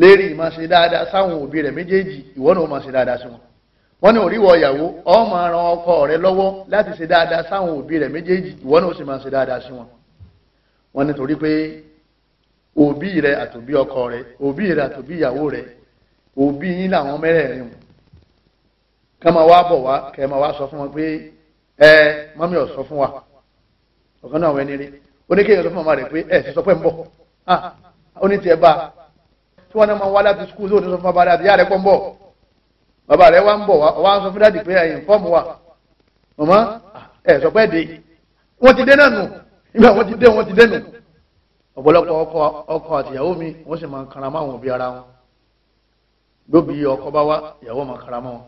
A: lérí ìmọ̀ ṣe dáadáa sáwọn òbí rẹ̀ méjèèjì ìwọ náà máa ṣe dáadáa sí wọn wọn ní oríwọ ìyàwó ọmọ àràn ọkọ rẹ lọ́wọ́ láti ṣe dáadáa sáwọn òbí rẹ̀ méjèèjì ìwọ náà sì máa ṣe dáadáa sí wọn wọn ní torí pé òbí rẹ àtòbí ọkọ rẹ òbí rẹ àtòbí ìyàwó rẹ òbí yín làwọn mẹ́rẹ̀ẹ̀rin wọn kẹ́ máa wá bọ̀ wá kẹ́ máa wá sọ fún wọn pé ẹ mọ́mí ò sọ fún wa ọ̀kan náà wẹ́n nílé oníkéyàn sọ fún màmá rẹ̀ pé ẹ̀ sọ pé ń bọ̀ ah, ó ní tiẹ̀ bá tí wọ́n náà máa wá láti skul tó ní sọ fún bàbá rẹ̀ àti ìyá rẹ̀ pọ̀ ń bọ̀ bàbá rẹ̀ wá ń bọ̀ wá sọ fún dáàdì pé ẹ̀yìn fọ́ọ̀mù wa màmá ẹ̀ sọ pé dé wọ́n ti dé náà nù nígbà wọ́n ti dé wọ́n ti dé nù ọ̀pọ̀lọpọ̀ ọkọ àtìyàwó mi wọ́n sì máa ń karama wọn bí ara wọn bóbi ọkọ bá wá ìyàwó máa karama wọn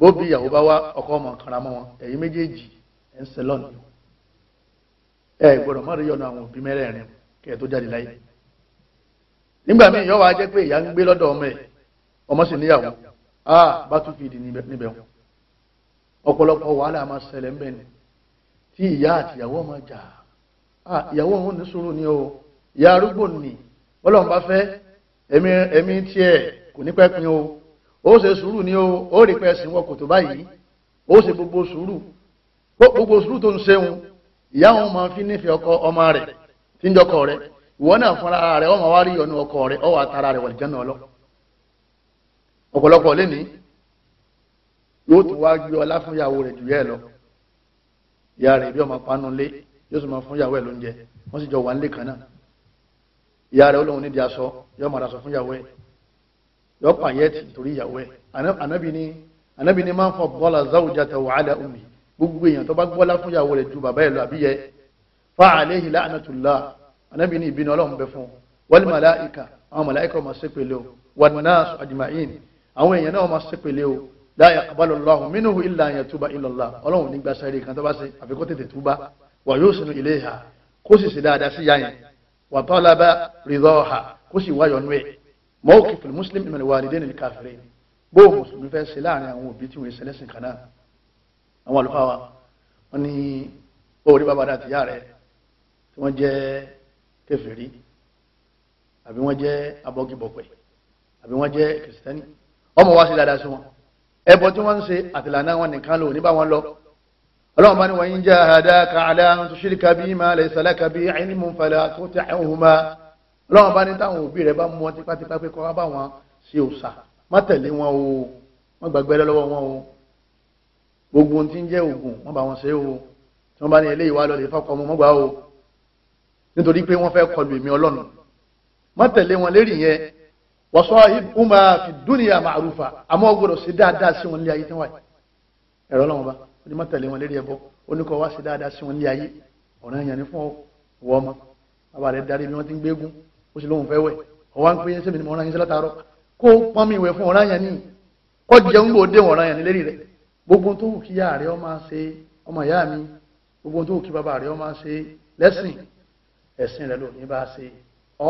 A: bóbi ìyàwó bá wá ọkọ máa karama wọn ẹ̀yin méjèèjì ẹ̀ ń sẹ́lọ̀ nìyẹn ẹ gbọ́dọ̀ má rí yọnu àwọn òbí mẹ́rẹ̀ẹ̀rin kí ẹ tó jáde láyé nígbà míì yọ wá jẹ́ pé ìyá ń gbé ọmọ ẹ̀ ọmọ sì níyàwó a bá tún fi ìdí níbẹ̀ wọn ọ̀pọ̀lọpọ̀ wàhálà máa ni tí ìyá àti ìyàwó máa jà a ìyàwó òun ní sùúrù ni o ìyá arúgbó ni bá kò ní o ó ṣe sùúrù ni o ó rí sìn gbogbo sùúrù gbogbo sùúrù tó ìyá òun máa fi nífẹ̀ẹ́ ọkọ ọmọ rẹ̀ tí ń jọkọ rẹ̀ ìwọ náà fúnra rẹ̀ ọmọ wa rí ọ̀nà ọkọ rẹ̀ ọwọ́ àtàrà rẹ̀ wọ̀lì jẹ́nà ọlọ́ ọ̀pọ̀lọpọ̀ lẹ́ni yóò tún wá gbé ọlá fún ìyàwó rẹ̀ jù yẹ́ lọ ìyá rẹ̀ bí ọmọ panu lé yóò sì máa fún ìyàwó ẹ̀ lóúnjẹ wọ́n sì jọ wà nílé kan náà ìyá rẹ̀ olóhùn nídìí aṣọ yóò máa daṣọ gbogbo èèyàn tó bá gbọ́lá fún ìyàwó rẹ̀ ju bàbá ẹ̀ lọ àbí yẹ fa àléhì lánàtúlá anábì ní ìbínú ọlọ́run bẹ fún wal màláìka àwọn màláìka ọmọ sépele o wan nas ajma'in àwọn èèyàn náà ọmọ sépele o la yaqbalu Allahu minhu illa an yatuba illa ọlọ́run ní gba sáré kan tó bá ṣe àfikún tètè túbá wà yóò sinú ilé ha kó sì ṣe dáadáa sí yá àwọn àlùfáà wa wọ́n ní orí bàbá dà tìyá rẹ̀ tí wọ́n jẹ́ kèfèrí àbí wọ́n jẹ́ abọ́gibọ̀pẹ̀ àbí wọ́n jẹ́ kìrìsìtẹ́nì ọmọ wa sí dáadáa sí wọn ẹbọ tí wọ́n ń ṣe àtìlànà wọn nìkan lò ní bá wọn lọ ọlọ́run bá ní wa in jahadaka ala an tushrika bima laysa laka bihi ilmun fala tuti'huma ọlọ́run bá ní táwọn òbí rẹ̀ bá mú wọn tipátipá pé kọ́ wá bá wọn ṣe òòṣà má tẹ̀lé wọn o má gbàgbé lọ́wọ́ wọn o gbogbo ohun tí ń jẹ́ oògùn wọ́n bá wọn ṣe o tí wọ́n bá ní eléyìí wá lọ́lẹ̀ fọ́kọ ọmọ mọ́gbà o nítorí pé wọ́n fẹ́ kọlu èmi ọlọ́run má tẹ̀lé wọn lérí yẹn wọ́sọ ìhùmà fi dúnìyà màrúfà àmọ́ gbọ́dọ̀ sí dáadáa sí wọn ní ayé tí wọ́n wà ẹ̀rọ ọlọ́run bá ní má tẹ̀lé wọn lérí ẹbọ ó wá sí dáadáa sí wọn ní ayé ọ̀ràn yẹn ni fún wọ́n ọmọ bàbá rẹ̀ darí mi wọ́n ti ń gbégún ó sì lóun fẹ́ wẹ̀ ọwọ́ ń pè é sẹ́mi ni mo rán yín sí látàárọ̀ kó pọ́nmi ìwẹ̀ fún ọ̀ràn yẹn ni kọ́ jẹun gbòde ọ̀ràn yẹn ni lérí rẹ̀ gbogbo tó wù kí ìyá rẹ ọmọ ṣe ọmọ ìyá mi gbogbo tó wù kí bàbá rẹ ọmọ ṣe lẹ́sìn ẹ̀sìn rẹ lónìí bá ṣe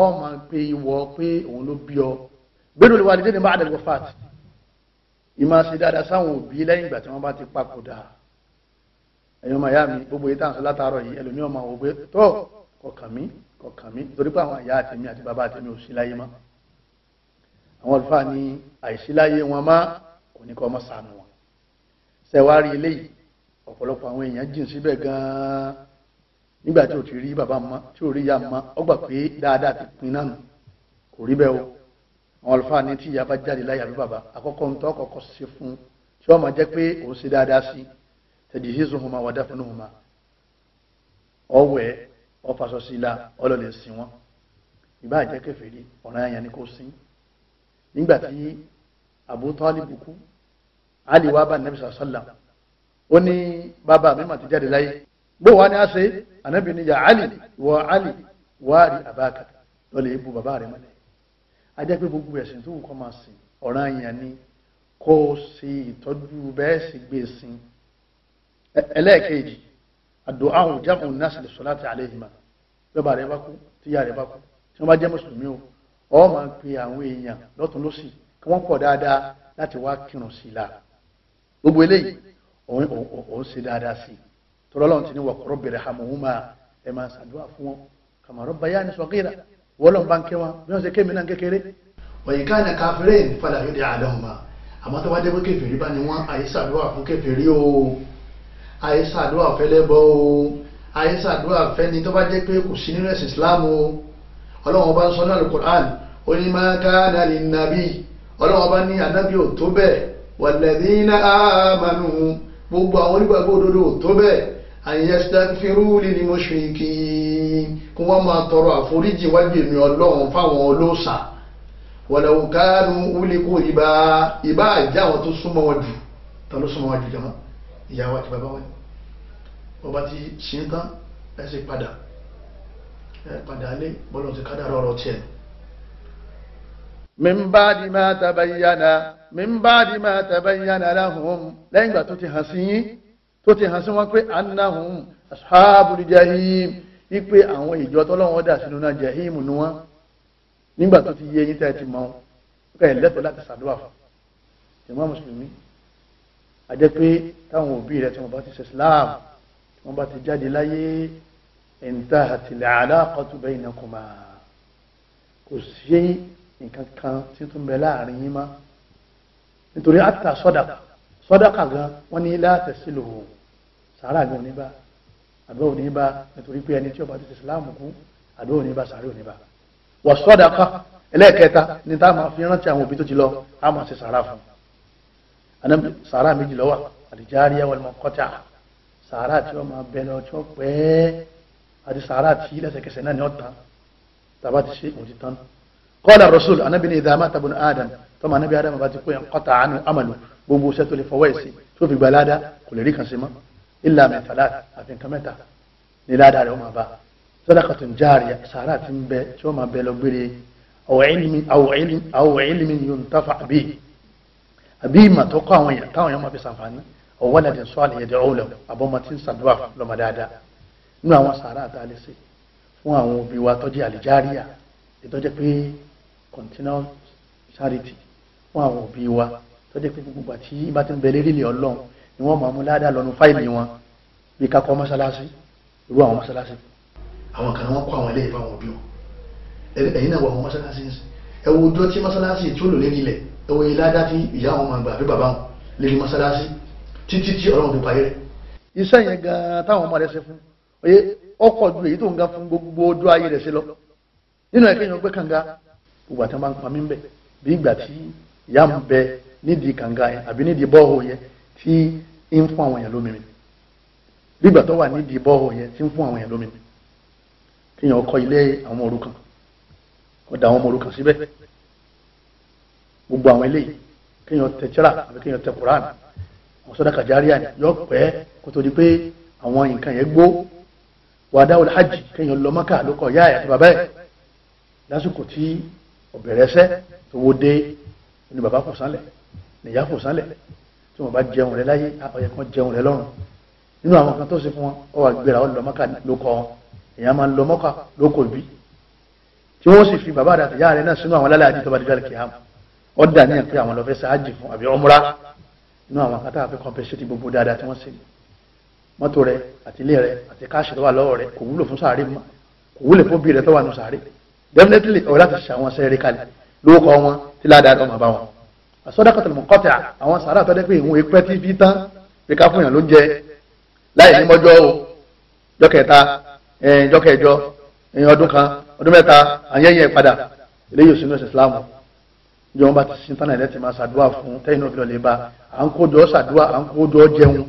A: ọmọ pé ìwọ pé òun ló bí ọ gbẹdọ lè wà lédè ní bá àdàgbò fat ìmọ̀ ṣe dáadáa sáwọn òbí lẹ́yìn ìgbà tí wọ́n bá ti papòdà ẹ̀yin ọmọ ìyá mi gbogbo yìí tàǹsán látàárọ̀ yìí ẹlòmíràn máa wò pé kọkàn mi kọkàn mi torí pé àwọn ìyá àtẹmí àti bàbá àtẹmí ò sí láyé mọ́ àwọn àlùfáà ní àìsíláyé wọn má kò ní kọ́ ọmọ sànù w sẹ̀wárí eléyìí ọ̀pọ̀lọpọ̀ àwọn èèyàn jìn síbẹ̀ gan-an nígbà tí ò ti rí bàbá mọ́ tí o rí ìyá mọ́ ọ gbà pé dáadáa ti pin náà nù kò rí bẹ́ẹ̀ o àwọn àlùfáà ní tí ìyá bá jáde láyà bí bàbá àkọ́kọ́ ń tọ́ kọ́kọ́ ṣe fún un tí wọ́n máa jẹ́ pé òun ṣe dáadáa sí tadhizuhuma wa dafnuhuma ọ̀wẹ́ ọ̀fàṣọsílà ọlọ́lẹ̀ sí wọn ìbá jẹ́ kèfèrí ọ̀ràn àyàn ni kò sí nígbà tí Abu Talib ali wa bá nàbí sàlám ó ní bàbá mi mà ti jáde láyé bó wa ni a ṣe ànábì ni ya ali wọ ali wà rí abáka lọ́lẹ̀ ibú bàbá rẹ̀ mọ́lẹ̀ ajá pé gbogbo ẹ̀sìn tó kọ́ máa sìn ọ̀ràn àyàn ni kó o ṣe ìtọ́jú bẹ́ẹ̀ sì gbé e sin ẹlẹ́ẹ̀kejì àdó àwọn ìjákùn náà sì lè sọ láti àlẹ́ ìmọ̀ bẹ́ẹ̀ bá rẹ̀ bá kú tíyà rẹ̀ bá kú tí o ọ pe àwọn èèyàn lọ́tún lọ́sì kí wọ́n pọ̀ dáadáa láti wá kírun sí gbogbo eléyìí òun òun ṣe dáadáa sí i tọ́lọ́ lọ́n ti ní wọ́n kọ́rọ́ bẹ̀rẹ̀ hàmùhùmá ẹ̀ máa ṣàdúrà fún wọn kàmárọ̀ báyà ní sọ́kìrà wọ́n lọ́n bá ń kẹ́ wọn bí wọ́n ṣe kémi náà kékeré. wọ̀nyí ká ní káfíńrẹ́ ìfọdà yóò dé àlọ́ ọ̀ma àmọ́ tó bá dé pé kèfèrí bá ní wọ́n àyíṣàdúrà fún kèfèrí o àyíṣàdúrà fẹ́lẹ́bọ o àyíṣàdúrà o ọlọ́run bá wàlẹ́dínà àmànù gbogbo àwọn onígbàgbọ́ òdodo tó bẹ́ẹ̀ àyẹ̀sítàfírú líli mọ́ṣíríkì kí wọ́n máa tọrọ àforíjì wájú èmi ọlọ́run fáwọn olóòṣà wàlẹ́wùkánú wúlikú ìbá ìbá àjẹ́ àwọn tó súnmọ́ wọn jù ta ló súnmọ́ wọn jù jọmọ́ ìyá wa ti bàbá wọn ọba ti sin tán ẹ sì padà ẹ padà lé bọ́lọ̀ ti kádàrọ̀ ọ̀rọ̀ tiẹ̀. min ba'di ma tabayyana min ba'di ma tabayyana lahum lẹ́yìn ìgbà tó ti hàn sí yín tó ti hàn sí wọn pé annahum ashabul jahim wípé àwọn ìjọ tọ́lọ́wọ́n dà sínú náà jahim ni wọ́n nígbà tó ti yé yín tẹ́ ti mọ́ ká ẹ̀ lẹ́tọ̀ọ́ láti ṣàdúrà fún ìmọ̀ mùsùlùmí àjẹ́ pé táwọn òbí rẹ̀ tí wọ́n bá ti ṣe islam tí wọ́n bá ti jáde láyé intahatil alaqatu baynakuma kò sí nǹkan kan tí tún bẹ láàrin yín máa nítorí àtà sọ́dàkà sọ́dàkà gan wọ́n ní látẹ̀sílò sàárà ní oníbà àdúrà oníbà nítorí pé ẹni tí ó bá ti ìsìláàmù kú àdúrà oníbà sàárà oníbà wà sọ́dàkà ẹlẹ́ẹ̀kẹta ní tá a máa fi rántí àwọn òbí tó ti lọ a máa ṣe sàárà fún un sàárà méjì lọ́wọ́ àdìjáríyá wal munqata sàárà tí ó máa bẹ̀rẹ̀ ọjọ́ pẹ́ẹ́ àti sàárà tí lẹ́sẹ̀kẹsẹ̀ náà ni ọ̀tàn tàbá ti ṣe òtítàn kọ́lá rasul tọ́mọ anábì adamu bá ti kó yẹn kọ́ta àánú amalu gbogbo iṣẹ́ tó lè fọwọ́ ẹ̀ sí tó fi gba ládàá kò lè rí kan sí mọ́ ilà mẹ́tàlá àfi nǹkan mẹ́ta ní ládàá rẹ̀ ó máa bá sadaqatun jariya sàárà ti ń bẹ tí ó máa bẹ lọ gbére aw ilmin yuntafa bihi àbí ìmọ̀ tó kọ́ àwọn èèyàn táwọn èèyàn máa fi sàǹfààní aw waladin salihin yad'u lahu fún àwọn òbí wa tó jẹ́ pé gbogbo àti ibà ti ń bẹ lérí ilé ọlọ́run ni wọ́n máa mú ládàá lọ́nu fáìlì wọn bí kakọ́ mọ́sálásí irú àwọn mọ́sálásí. àwọn kan wọn kọ àwọn ilé ìfowópamọ́ bí wọn ẹ̀yin náà wọ àwọn mọ́sálásí ń sìn ẹ wo ojú ọtí mọ́sálásí tí ó lò lérí ilẹ̀ ẹ wo ilé adá tí ìyá wọn máa gbà àbí bàbá wọn lérí mọ́sálásí títí tí ọlọ́run fi parí rẹ̀. iṣẹ́ yẹn gan-an táwọn ọmọ rẹ̀ ṣe fún oye ọkọ̀ ju èyí tó ń ga fún gbogbo ojú ayé rẹ̀ ṣe lọ nínú ẹ̀kẹ́yìn ọgbẹ́ kànga gbogbo àti ya ń bẹ nídìí kànga yẹn àbí nídìí bọ́ọ̀hù yẹn tí ń fún àwọn èèyàn lómi mi bígbà tó wà nídìí bọ́ọ̀hù yẹn tí ń fún àwọn èèyàn lómi mi kọ́ ilé àwọn ọmọ orukan da àwọn gbogbo àwọn eléyìí kíyàn tẹ tíra àbí kíyàn tẹ di pé àwọn gbó wàdà hajj ni baba kò sálẹ̀ nìyá kò sálẹ̀ tí wọn bá jẹun rẹ láyé ọyẹ kan jẹun rẹ lọ́run nínú àwọn kan tó ṣe fún wọn ọwọ àgbèrè àwọn lọmọkà ló kọ wọn èèyàn máa ń lọmọkà ló kò bí tí wọn sì fi bàbá àti ìyá rẹ náà sínú àwọn alálẹ àti ìtọ́ba dídá kìá ọ dà níyàn pé àwọn lọ́fẹ́ sáájì fún àbí ọmúra nínú àwọn kan tá a fi kọ́mpẹ́sìtì gbogbo dáadáa tí wọ́n ṣe mọ́tò rẹ àti ilé rẹ àti káàṣì tó wà lọ́wọ́ rẹ kò wúlò fún sàárè mọ́ kò wúlò fún bí rẹ tó wà nù sàárè definitely ọ̀ láti ṣàwọn sẹ́ẹ̀rẹ́ kalẹ̀ lóko wọn tí ládàá lọ́mọ bá wọn. àsọdọ́kọ̀tà mọ̀kọ́tà àwọn sàrà tó dẹ́ pé ìwọ̀n epẹ́ tí bí tán pé ká fún yàn ló ń jẹ láyé ní mọ́jọ́ o jọ́kẹta jọ́kẹjọ ọdún kan ọdún mẹ́ta àyẹ̀yẹ̀ padà eléyìí òsínú ẹ̀sìn Islam jọ wọn bá ti sin tánà ẹlẹ́tì máa ṣàdúrà fún tẹ́yìn náà fi lọ lè à ń kójọ ṣàdúrà à ń kójọ jẹun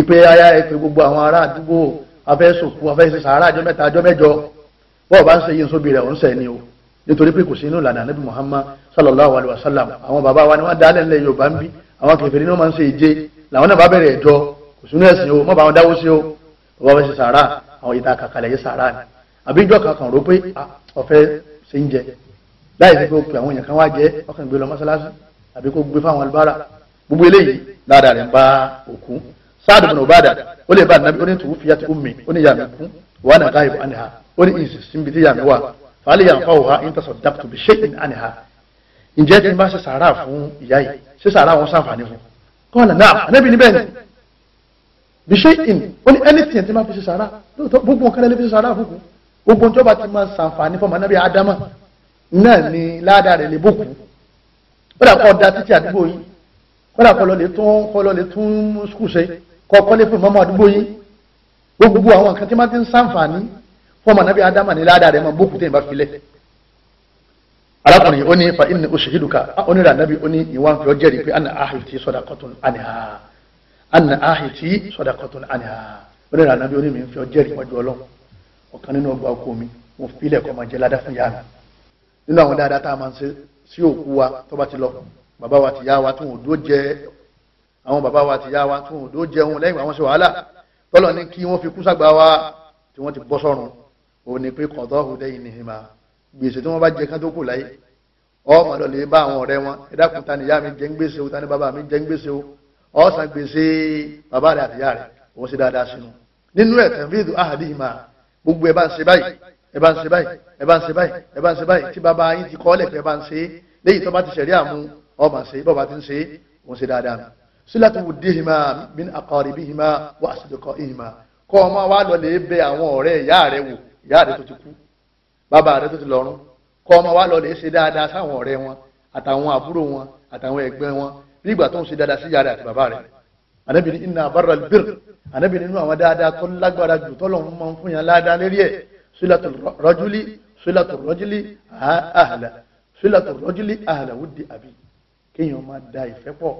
A: ìpè aya ìpè gbogbo àwọn ará àdúgbò afẹ́ sòkú afẹ́ àjọ mẹ́ta àjọ mẹ́jọ bọ́ọ̀ bá ń ṣe yín sóbì rẹ̀ ò ń sẹ̀ ni o nítorí pé kò sí inú ìlànà ànábì Muhammad sallallahu alayhi wa sallam àwọn bàbá wa ni wọ́n dálẹ̀ ńlẹ̀ Yorùbá ń bí àwọn kèfèrí ni wọ́n máa ń ṣe ìje làwọn náà bá bẹ̀rẹ̀ ẹ̀jọ kò sínú ẹ̀sìn o mọ́ bá wọn dáwó sí o bàbá wọn ṣe sàárà àwọn ìta kàkàlẹ̀ yìí sàárà ni àbí ìjọ kankan rò pé ọ̀fẹ́ ṣe ń jẹ láì sí pé o pè àwọn èèyàn kan wá jẹ ọkàn gbé lọ mọ́sálásí àbí kó gbé fáwọn albára gbogbo fàálì yà ń fa òhà intasadaqtu bi shay'in anha ǹjẹ́ tí n bá ṣe sàárà fún ìyá yìí ṣe sàárà wọn sáǹfààní fún kọ́ọ̀nà náà ànábì níbẹ̀ ni bi shay'in ó ní anything tí n bá fi ṣe sàárà lóòótọ́ gbogbo nǹkan lẹ́lẹ́ fi ṣe sàárà fún gbogbo tí ọba ti máa ṣàǹfààní fún ànábì ádámà náà ni ládàá rẹ̀ lè bókù kódà kọ́ da títí àdúgbò yìí kódà kọ́ lọ́lẹ̀ tún tún kọ́ kọ́lé fún mọ́mọ́ fún nabi nàbí adama ní ládàá rẹ̀ mọ̀ bó kùtẹ́ ìbá filẹ̀ arákùnrin ó fa inni ushiduka onírà nabi oni ní ìwà ń fi ọjẹ́ rí pé anna ahiti sadaqatun anha anna ahiti sadaqatun anha onírà nàbí ó ní mi ń fi ọjẹ́ rí wájú ọlọ́run ọ̀kan nínú ọgbà ọkọ mi mo filẹ̀ kọ́ máa jẹ́ ládàá fún yàrá nínú àwọn dáadáa tá a máa ń ṣe sí òkú wa tó ti lọ bàbá wa ti yá wa tó ń jẹ àwọn bàbá wa ti yá wa tó ń jẹun lẹ́yìn àwọn ṣe wàhálà tọ́lọ̀ ní kí wọ́n fi kú wa tí wọ́n ti bọ́ sọ́run òun ni pé kọ̀dọ̀ ọ̀hún dẹ́yìn ni ìmà gbèsè tí wọ́n bá jẹ kán tó kù láyé ọmọ lọ lè bá àwọn ọ̀rẹ́ wọn ẹ dákun ta ni ìyá mi jẹ ń gbèsè o ta ni bàbá mi jẹ ń gbèsè o ó san gbèsè bàbá rẹ àtìyá rẹ òun sì dáadáa sínú nínú ẹ̀ tẹ̀fíìdù ahàdì ìmà gbogbo ẹ bá ń ṣe báyìí ẹ bá ń ṣe báyìí ẹ bá ń ṣe báyìí ẹ bá ń ṣe báyìí tí bàbá yín ti kọ́ lẹ̀kẹ́ ìyá rẹ tó ti kú bàbá rẹ tó ti lọ́run kọ́ ọmọ wa lọ lè ṣe dáadáa sáwọn ọ̀rẹ́ wọn àtàwọn àbúrò wọn àtàwọn ẹgbẹ́ wọn bí ìgbà tó ń ṣe dáadáa sí ìyá rẹ àti bàbá rẹ ànábì ní iná abára albir ànábì nínú àwọn dáadáa tó lágbára jù tọ́lọ́run máa ń fún yàn ládàá lérí ẹ̀ sílátù rọ́júlì sílátù rọ́júlì àhàlà sílátù rọ́júlì àhàlà wúdi àbí kéèyàn máa da ìfẹ́ pọ̀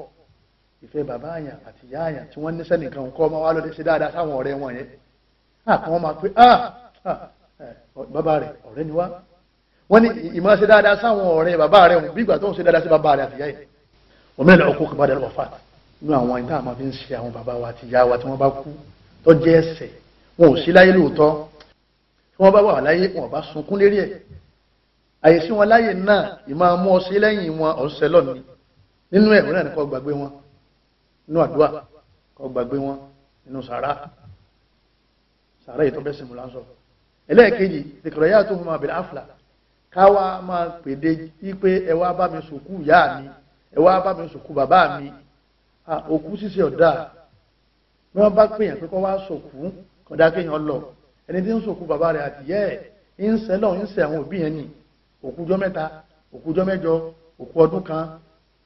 A: ìfẹ́ bàbá àyàn àti ìyá àyàn tí wọ́n ní sẹ́nìkan kọ́ ọmọ wa lọ́dẹ ṣe dáadáa sáwọn ọ̀rẹ́ wọn yẹn àkàwọn máa pé ah Ah, eh, bàbá rẹ̀ ọ̀rẹ́ ni wá wọ́n ní ìmọ̀ ṣe dáadáa sáwọn ọ̀rẹ́ bàbá rẹ̀ bí ìgbà tó ń ṣe dáadáa sí bàbá rẹ̀ àtìyá yìí ọmọ ìlú ọkọ̀ bá dẹ̀rọ̀ wọ̀fà nínú àwọn ìta àmọ́ fi ń ṣe àwọn bàbá wa àtìyá wa tí wọ́n bá kú tó jẹ́ ẹ̀ṣẹ̀ wọn ò sí láyé lóòótọ́ tí wọ́n bá wà láyé wọn bá sunkún lérí ẹ̀ àyèsí wọn láyé náà ìmọ̀ àmọ́ ṣe lẹ́yìn wọn ọ̀sẹ̀ lọ́ni nínú ẹ̀ náà ni kó gbàgbé wọn nínú àdúrà kó gbàgbé wọn nínú sàrá ẹlẹ́ẹ̀kejì ìkọ̀rọ̀yà tó hùmà bẹ̀rẹ̀ àfìlà káwa máa pèdè wípé ẹ wá bá mi sòkú ìyá mi ẹ wá bá mi sòkú bàbá mi òkú ṣíṣe ọ̀dà bí wọ́n bá pèèyàn pé kọ́ wá sòkú kọ̀dá kéèyàn lọ ẹni tí ń sòkú bàbá rẹ̀ àtìyẹ́ ẹ̀ ń sẹ́ lọ ń sẹ́ àwọn òbí yẹn ni òkújọ́ mẹ́ta òkújọ́ mẹ́jọ òkú ọdún kan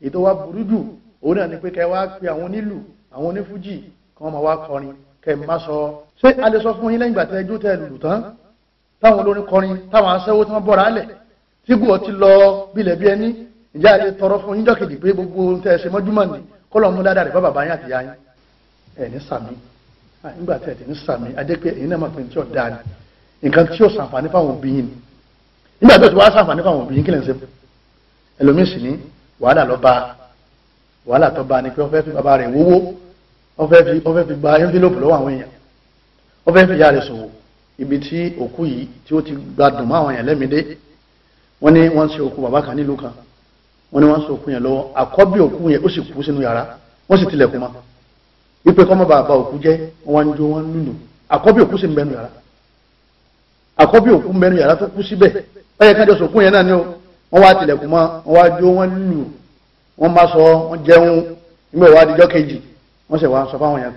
A: ètò wa burú jù òun náà ni pé kẹ́ wá pe àwọn onílù àwọn onífújì kan máa wá kọrin kẹ́ máa sọ ṣé a lè sọ fún yín lẹ́yìn ìgbà tẹ́ ẹjọ́ tẹ́ lùlù tán táwọn olórin kọrin táwọn aṣẹ́wó tí wọ́n bọ̀ra lẹ̀ tígù ọtí lọ bilẹ̀ bí ẹni ìyá ilé tọrọ fún yíjọ́ kejì pé gbogbo ohun tẹ́ ẹ ṣe mọ́júmọ́ ni kọ́lọ̀ mú dáadáa rẹ̀ bá bàbá yín àti ìyá yín ẹ̀ ní sàmì nígbà tí ẹ̀ ti ní sàmì adé pé èyí náà máa pin tí ò dáa ni nǹkan tí ò sàǹfààní fáwọn òbí yín ni nígbà tí ò ti wá sàǹfààní fáwọn òbí yín kí lè ń ṣe ẹlòmíì sì ní wàhálà lọ bá wàhálà tó bá ni pé ó fẹ́ fi bàbá rẹ̀ wówó ó fẹ́ fi gba envelope lọ́wọ́ àwọn èèyàn ó fẹ́ fi ìyá rẹ̀ ṣòwò ibi tí òkú yìí tí ó ti gbádùn mọ́ àwọn èèyàn lẹ́mìdé wọ́n ní wọ́n ṣe òkú bàbá kan nílùú kan wọ́n ní wọ́n ṣe òkú yẹn lọ́wọ́ àkọ́bí òkú yẹn ó sì kú sínú yàrá wọ́n sì tilẹ̀kùn mọ́ wípé kọ́mọ́ bàbá òkú jẹ́ wọ́n ń jó wọ́n lùlù àkọ́bí òkú sì ń bẹnu yàrá àkọ́bí òkú ń bẹnu yàrá tó kú síbẹ̀ báyẹn kájọ sòkú yẹn náà ni wọ́n wá tilẹ̀kùn mọ́ wọ́n wá jó wọ́n lùlù wọ́n má sọ wọ́n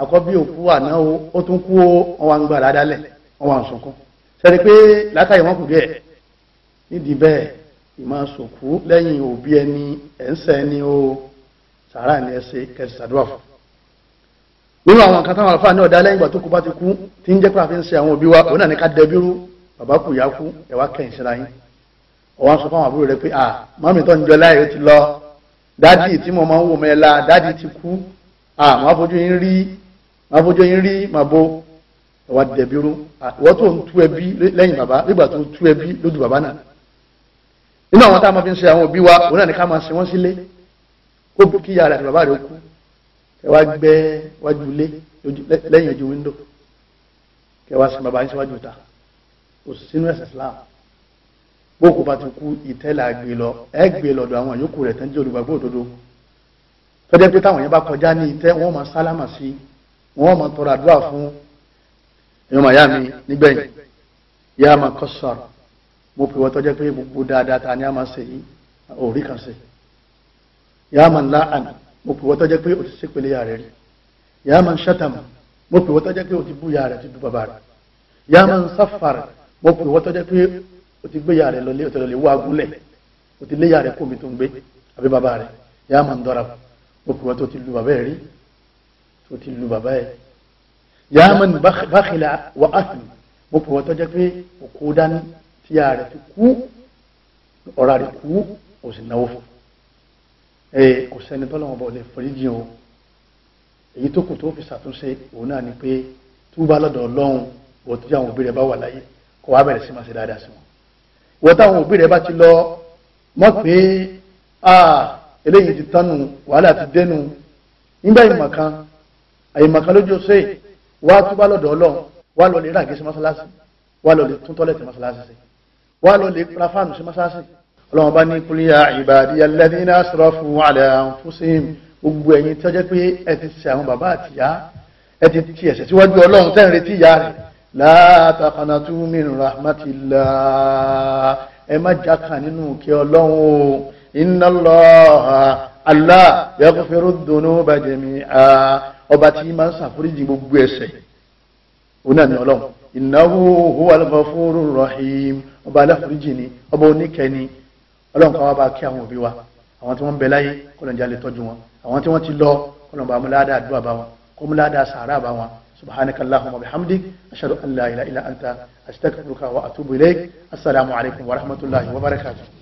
A: àkọ́bí òkú àná ó tún kú wọn wá ń gbà ládálẹ̀ wọn wá ń sunkún sẹ́ni pé látàrí wọn kù díẹ̀ nídìí bẹ́ẹ̀ ìmọ̀ sòkú lẹ́yìn òbí ẹni ẹ̀ńsẹ̀ ni ó sàárà ni ẹ ṣe kẹsì sàdúrà fún nínú àwọn nǹkan táwọn àlùfáà náà dá lẹ́yìn ìgbà tó kú bá ti kú tí ń jẹ́ pé àfi ń ṣe àwọn òbí wa òun náà ní ká dẹbírú bàbá kù yá kú ẹ wá kẹ́yìn síra yín ọwọ́n sọ fáwọn àbúrò rẹ pé à mọ́mí tó ń jọ láì ti lọ dádì tí mo máa ń wò mẹ́la dádì ti kú à màá fojú yín rí máa fojú yín rí máa bó ẹwà dẹ̀bi rú wọ́n tó ń tú ẹbí lẹ́yìn bàbá nígbà tó ń tú ẹbí lójú bàbá náà nínú àwọn tá a máa fi ń ṣe àwọn òbí wa òun náà ní ká máa ṣe wọ́n sílé kó kí ìyá rẹ̀ àti bàbá rẹ̀ kú ẹwà gbẹ́ wájú ilé lẹ́yìn ojú wíńdò kẹwàá sin bàbá yín síwájú ta kò sí sínú ẹ̀sìn Islam bókù bá ti kú ìtẹ́lẹ̀ àgbè lọ ẹ gbé lọ́dọ̀ àwọn yòókù rẹ̀ tán jẹ́ olùgbàgbọ́ òdodo tọ́jẹ́ pé táwọn yẹn bá kọjá ní ìtẹ́ wọ́n wọ́n máa tọrọ àdúrà fún ẹ̀rọ màyá mi nígbẹ̀yìn yá máa kọ́ sọ̀rọ̀ mo pè wọ́n tọ́jẹ́ pé gbogbo dáadáa ta ni a máa ṣe yìí òrí kan ṣe yá máa ńlá àná mo pè wọ́n tọ́jẹ́ pé o ti ṣépele yà rẹ̀ rí yá máa ń ṣàtàmù mo pè wọ́n tọ́jẹ́ pé o ti bú yà rẹ̀ ti bú bàbá rẹ̀ yá máa ń mo pè wọ́n tọ́jẹ́ pé o ti gbé yà lọlé o ti lọlé wá agúnlẹ̀ o ti lé yà rẹ̀ tó ń gbé àbí bàbá rẹ̀ yá máa ń dọ́ra mo pè wọ́n tó ti lu bàbá rẹ̀ ó ti lu bàbá ẹ̀ yàmà ní bákìlá wà áfìn mo pè wọ́n tọ́jọ́ pé òkú dání tí a rẹ̀ fi kú ọ̀rá rẹ̀ kú kò sì náwó fún ee kò sẹ́ni tọ́lọ́wọ́n bọ̀ lè foríjì o èyí tó kù tó fi ṣàtúnṣe òun náà ni pé túbà lọ́dọ̀ ọlọ́run wọ́n tó àwọn òbí rẹ̀ bá wà láyé kó wá bẹ̀rẹ̀ sí máa ṣe dáadáa sí wọn wọ́n táwọn òbí rẹ̀ bá ti lọ mọ̀ pé eléyìí ti tánu wàhálà ti dẹnu nígbà ìmọ̀ kan àyèmọ̀kan lójú ṣe wá túbá lọ́dọ̀ ọlọ́run wá lọ lè rà gé sí mọ́sálásí wá lọ lè tún tọ́lẹ̀tì mọ́sálásí sí wá lọ lè ra fáànù sí mọ́sálásí ọlọ́run bá ní kúlíyà ìbàdíyà lẹ́dínà asrafu ala anfusihim gbogbo ẹ̀yin tí ó jẹ́ pé ẹ ti ṣe àwọn bàbá àtìyá ẹ ti ti ẹ̀ṣẹ̀ síwájú ọlọ́run tẹ́ ń retí ìyá rẹ̀ la taqanatu Allah yaghfiru dhunuba jami'a ọba tí máa ń ṣàforíjì gbogbo ẹ̀ṣẹ̀ òun náà ni ọlọ́run innahu huwal ghafurur rahim ọba aláforíjì ni ọba oníkẹni ọlọ́run kan wá bá kí àwọn òbí wa àwọn tí wọ́n ń bẹ láyé kọlọ̀njà lè tọ́jú wọn àwọn tí wọ́n ti lọ kọlọ̀nba amúláàdá àdúrà bá wọn kọmúláàdá sàárà bá wọn subhanakallahumma bihamdik ashhadu an la ilaha illa anta astaghfiruka wa atubu ilayk assalamu alaikum wa rahmatullahi wa barakatuh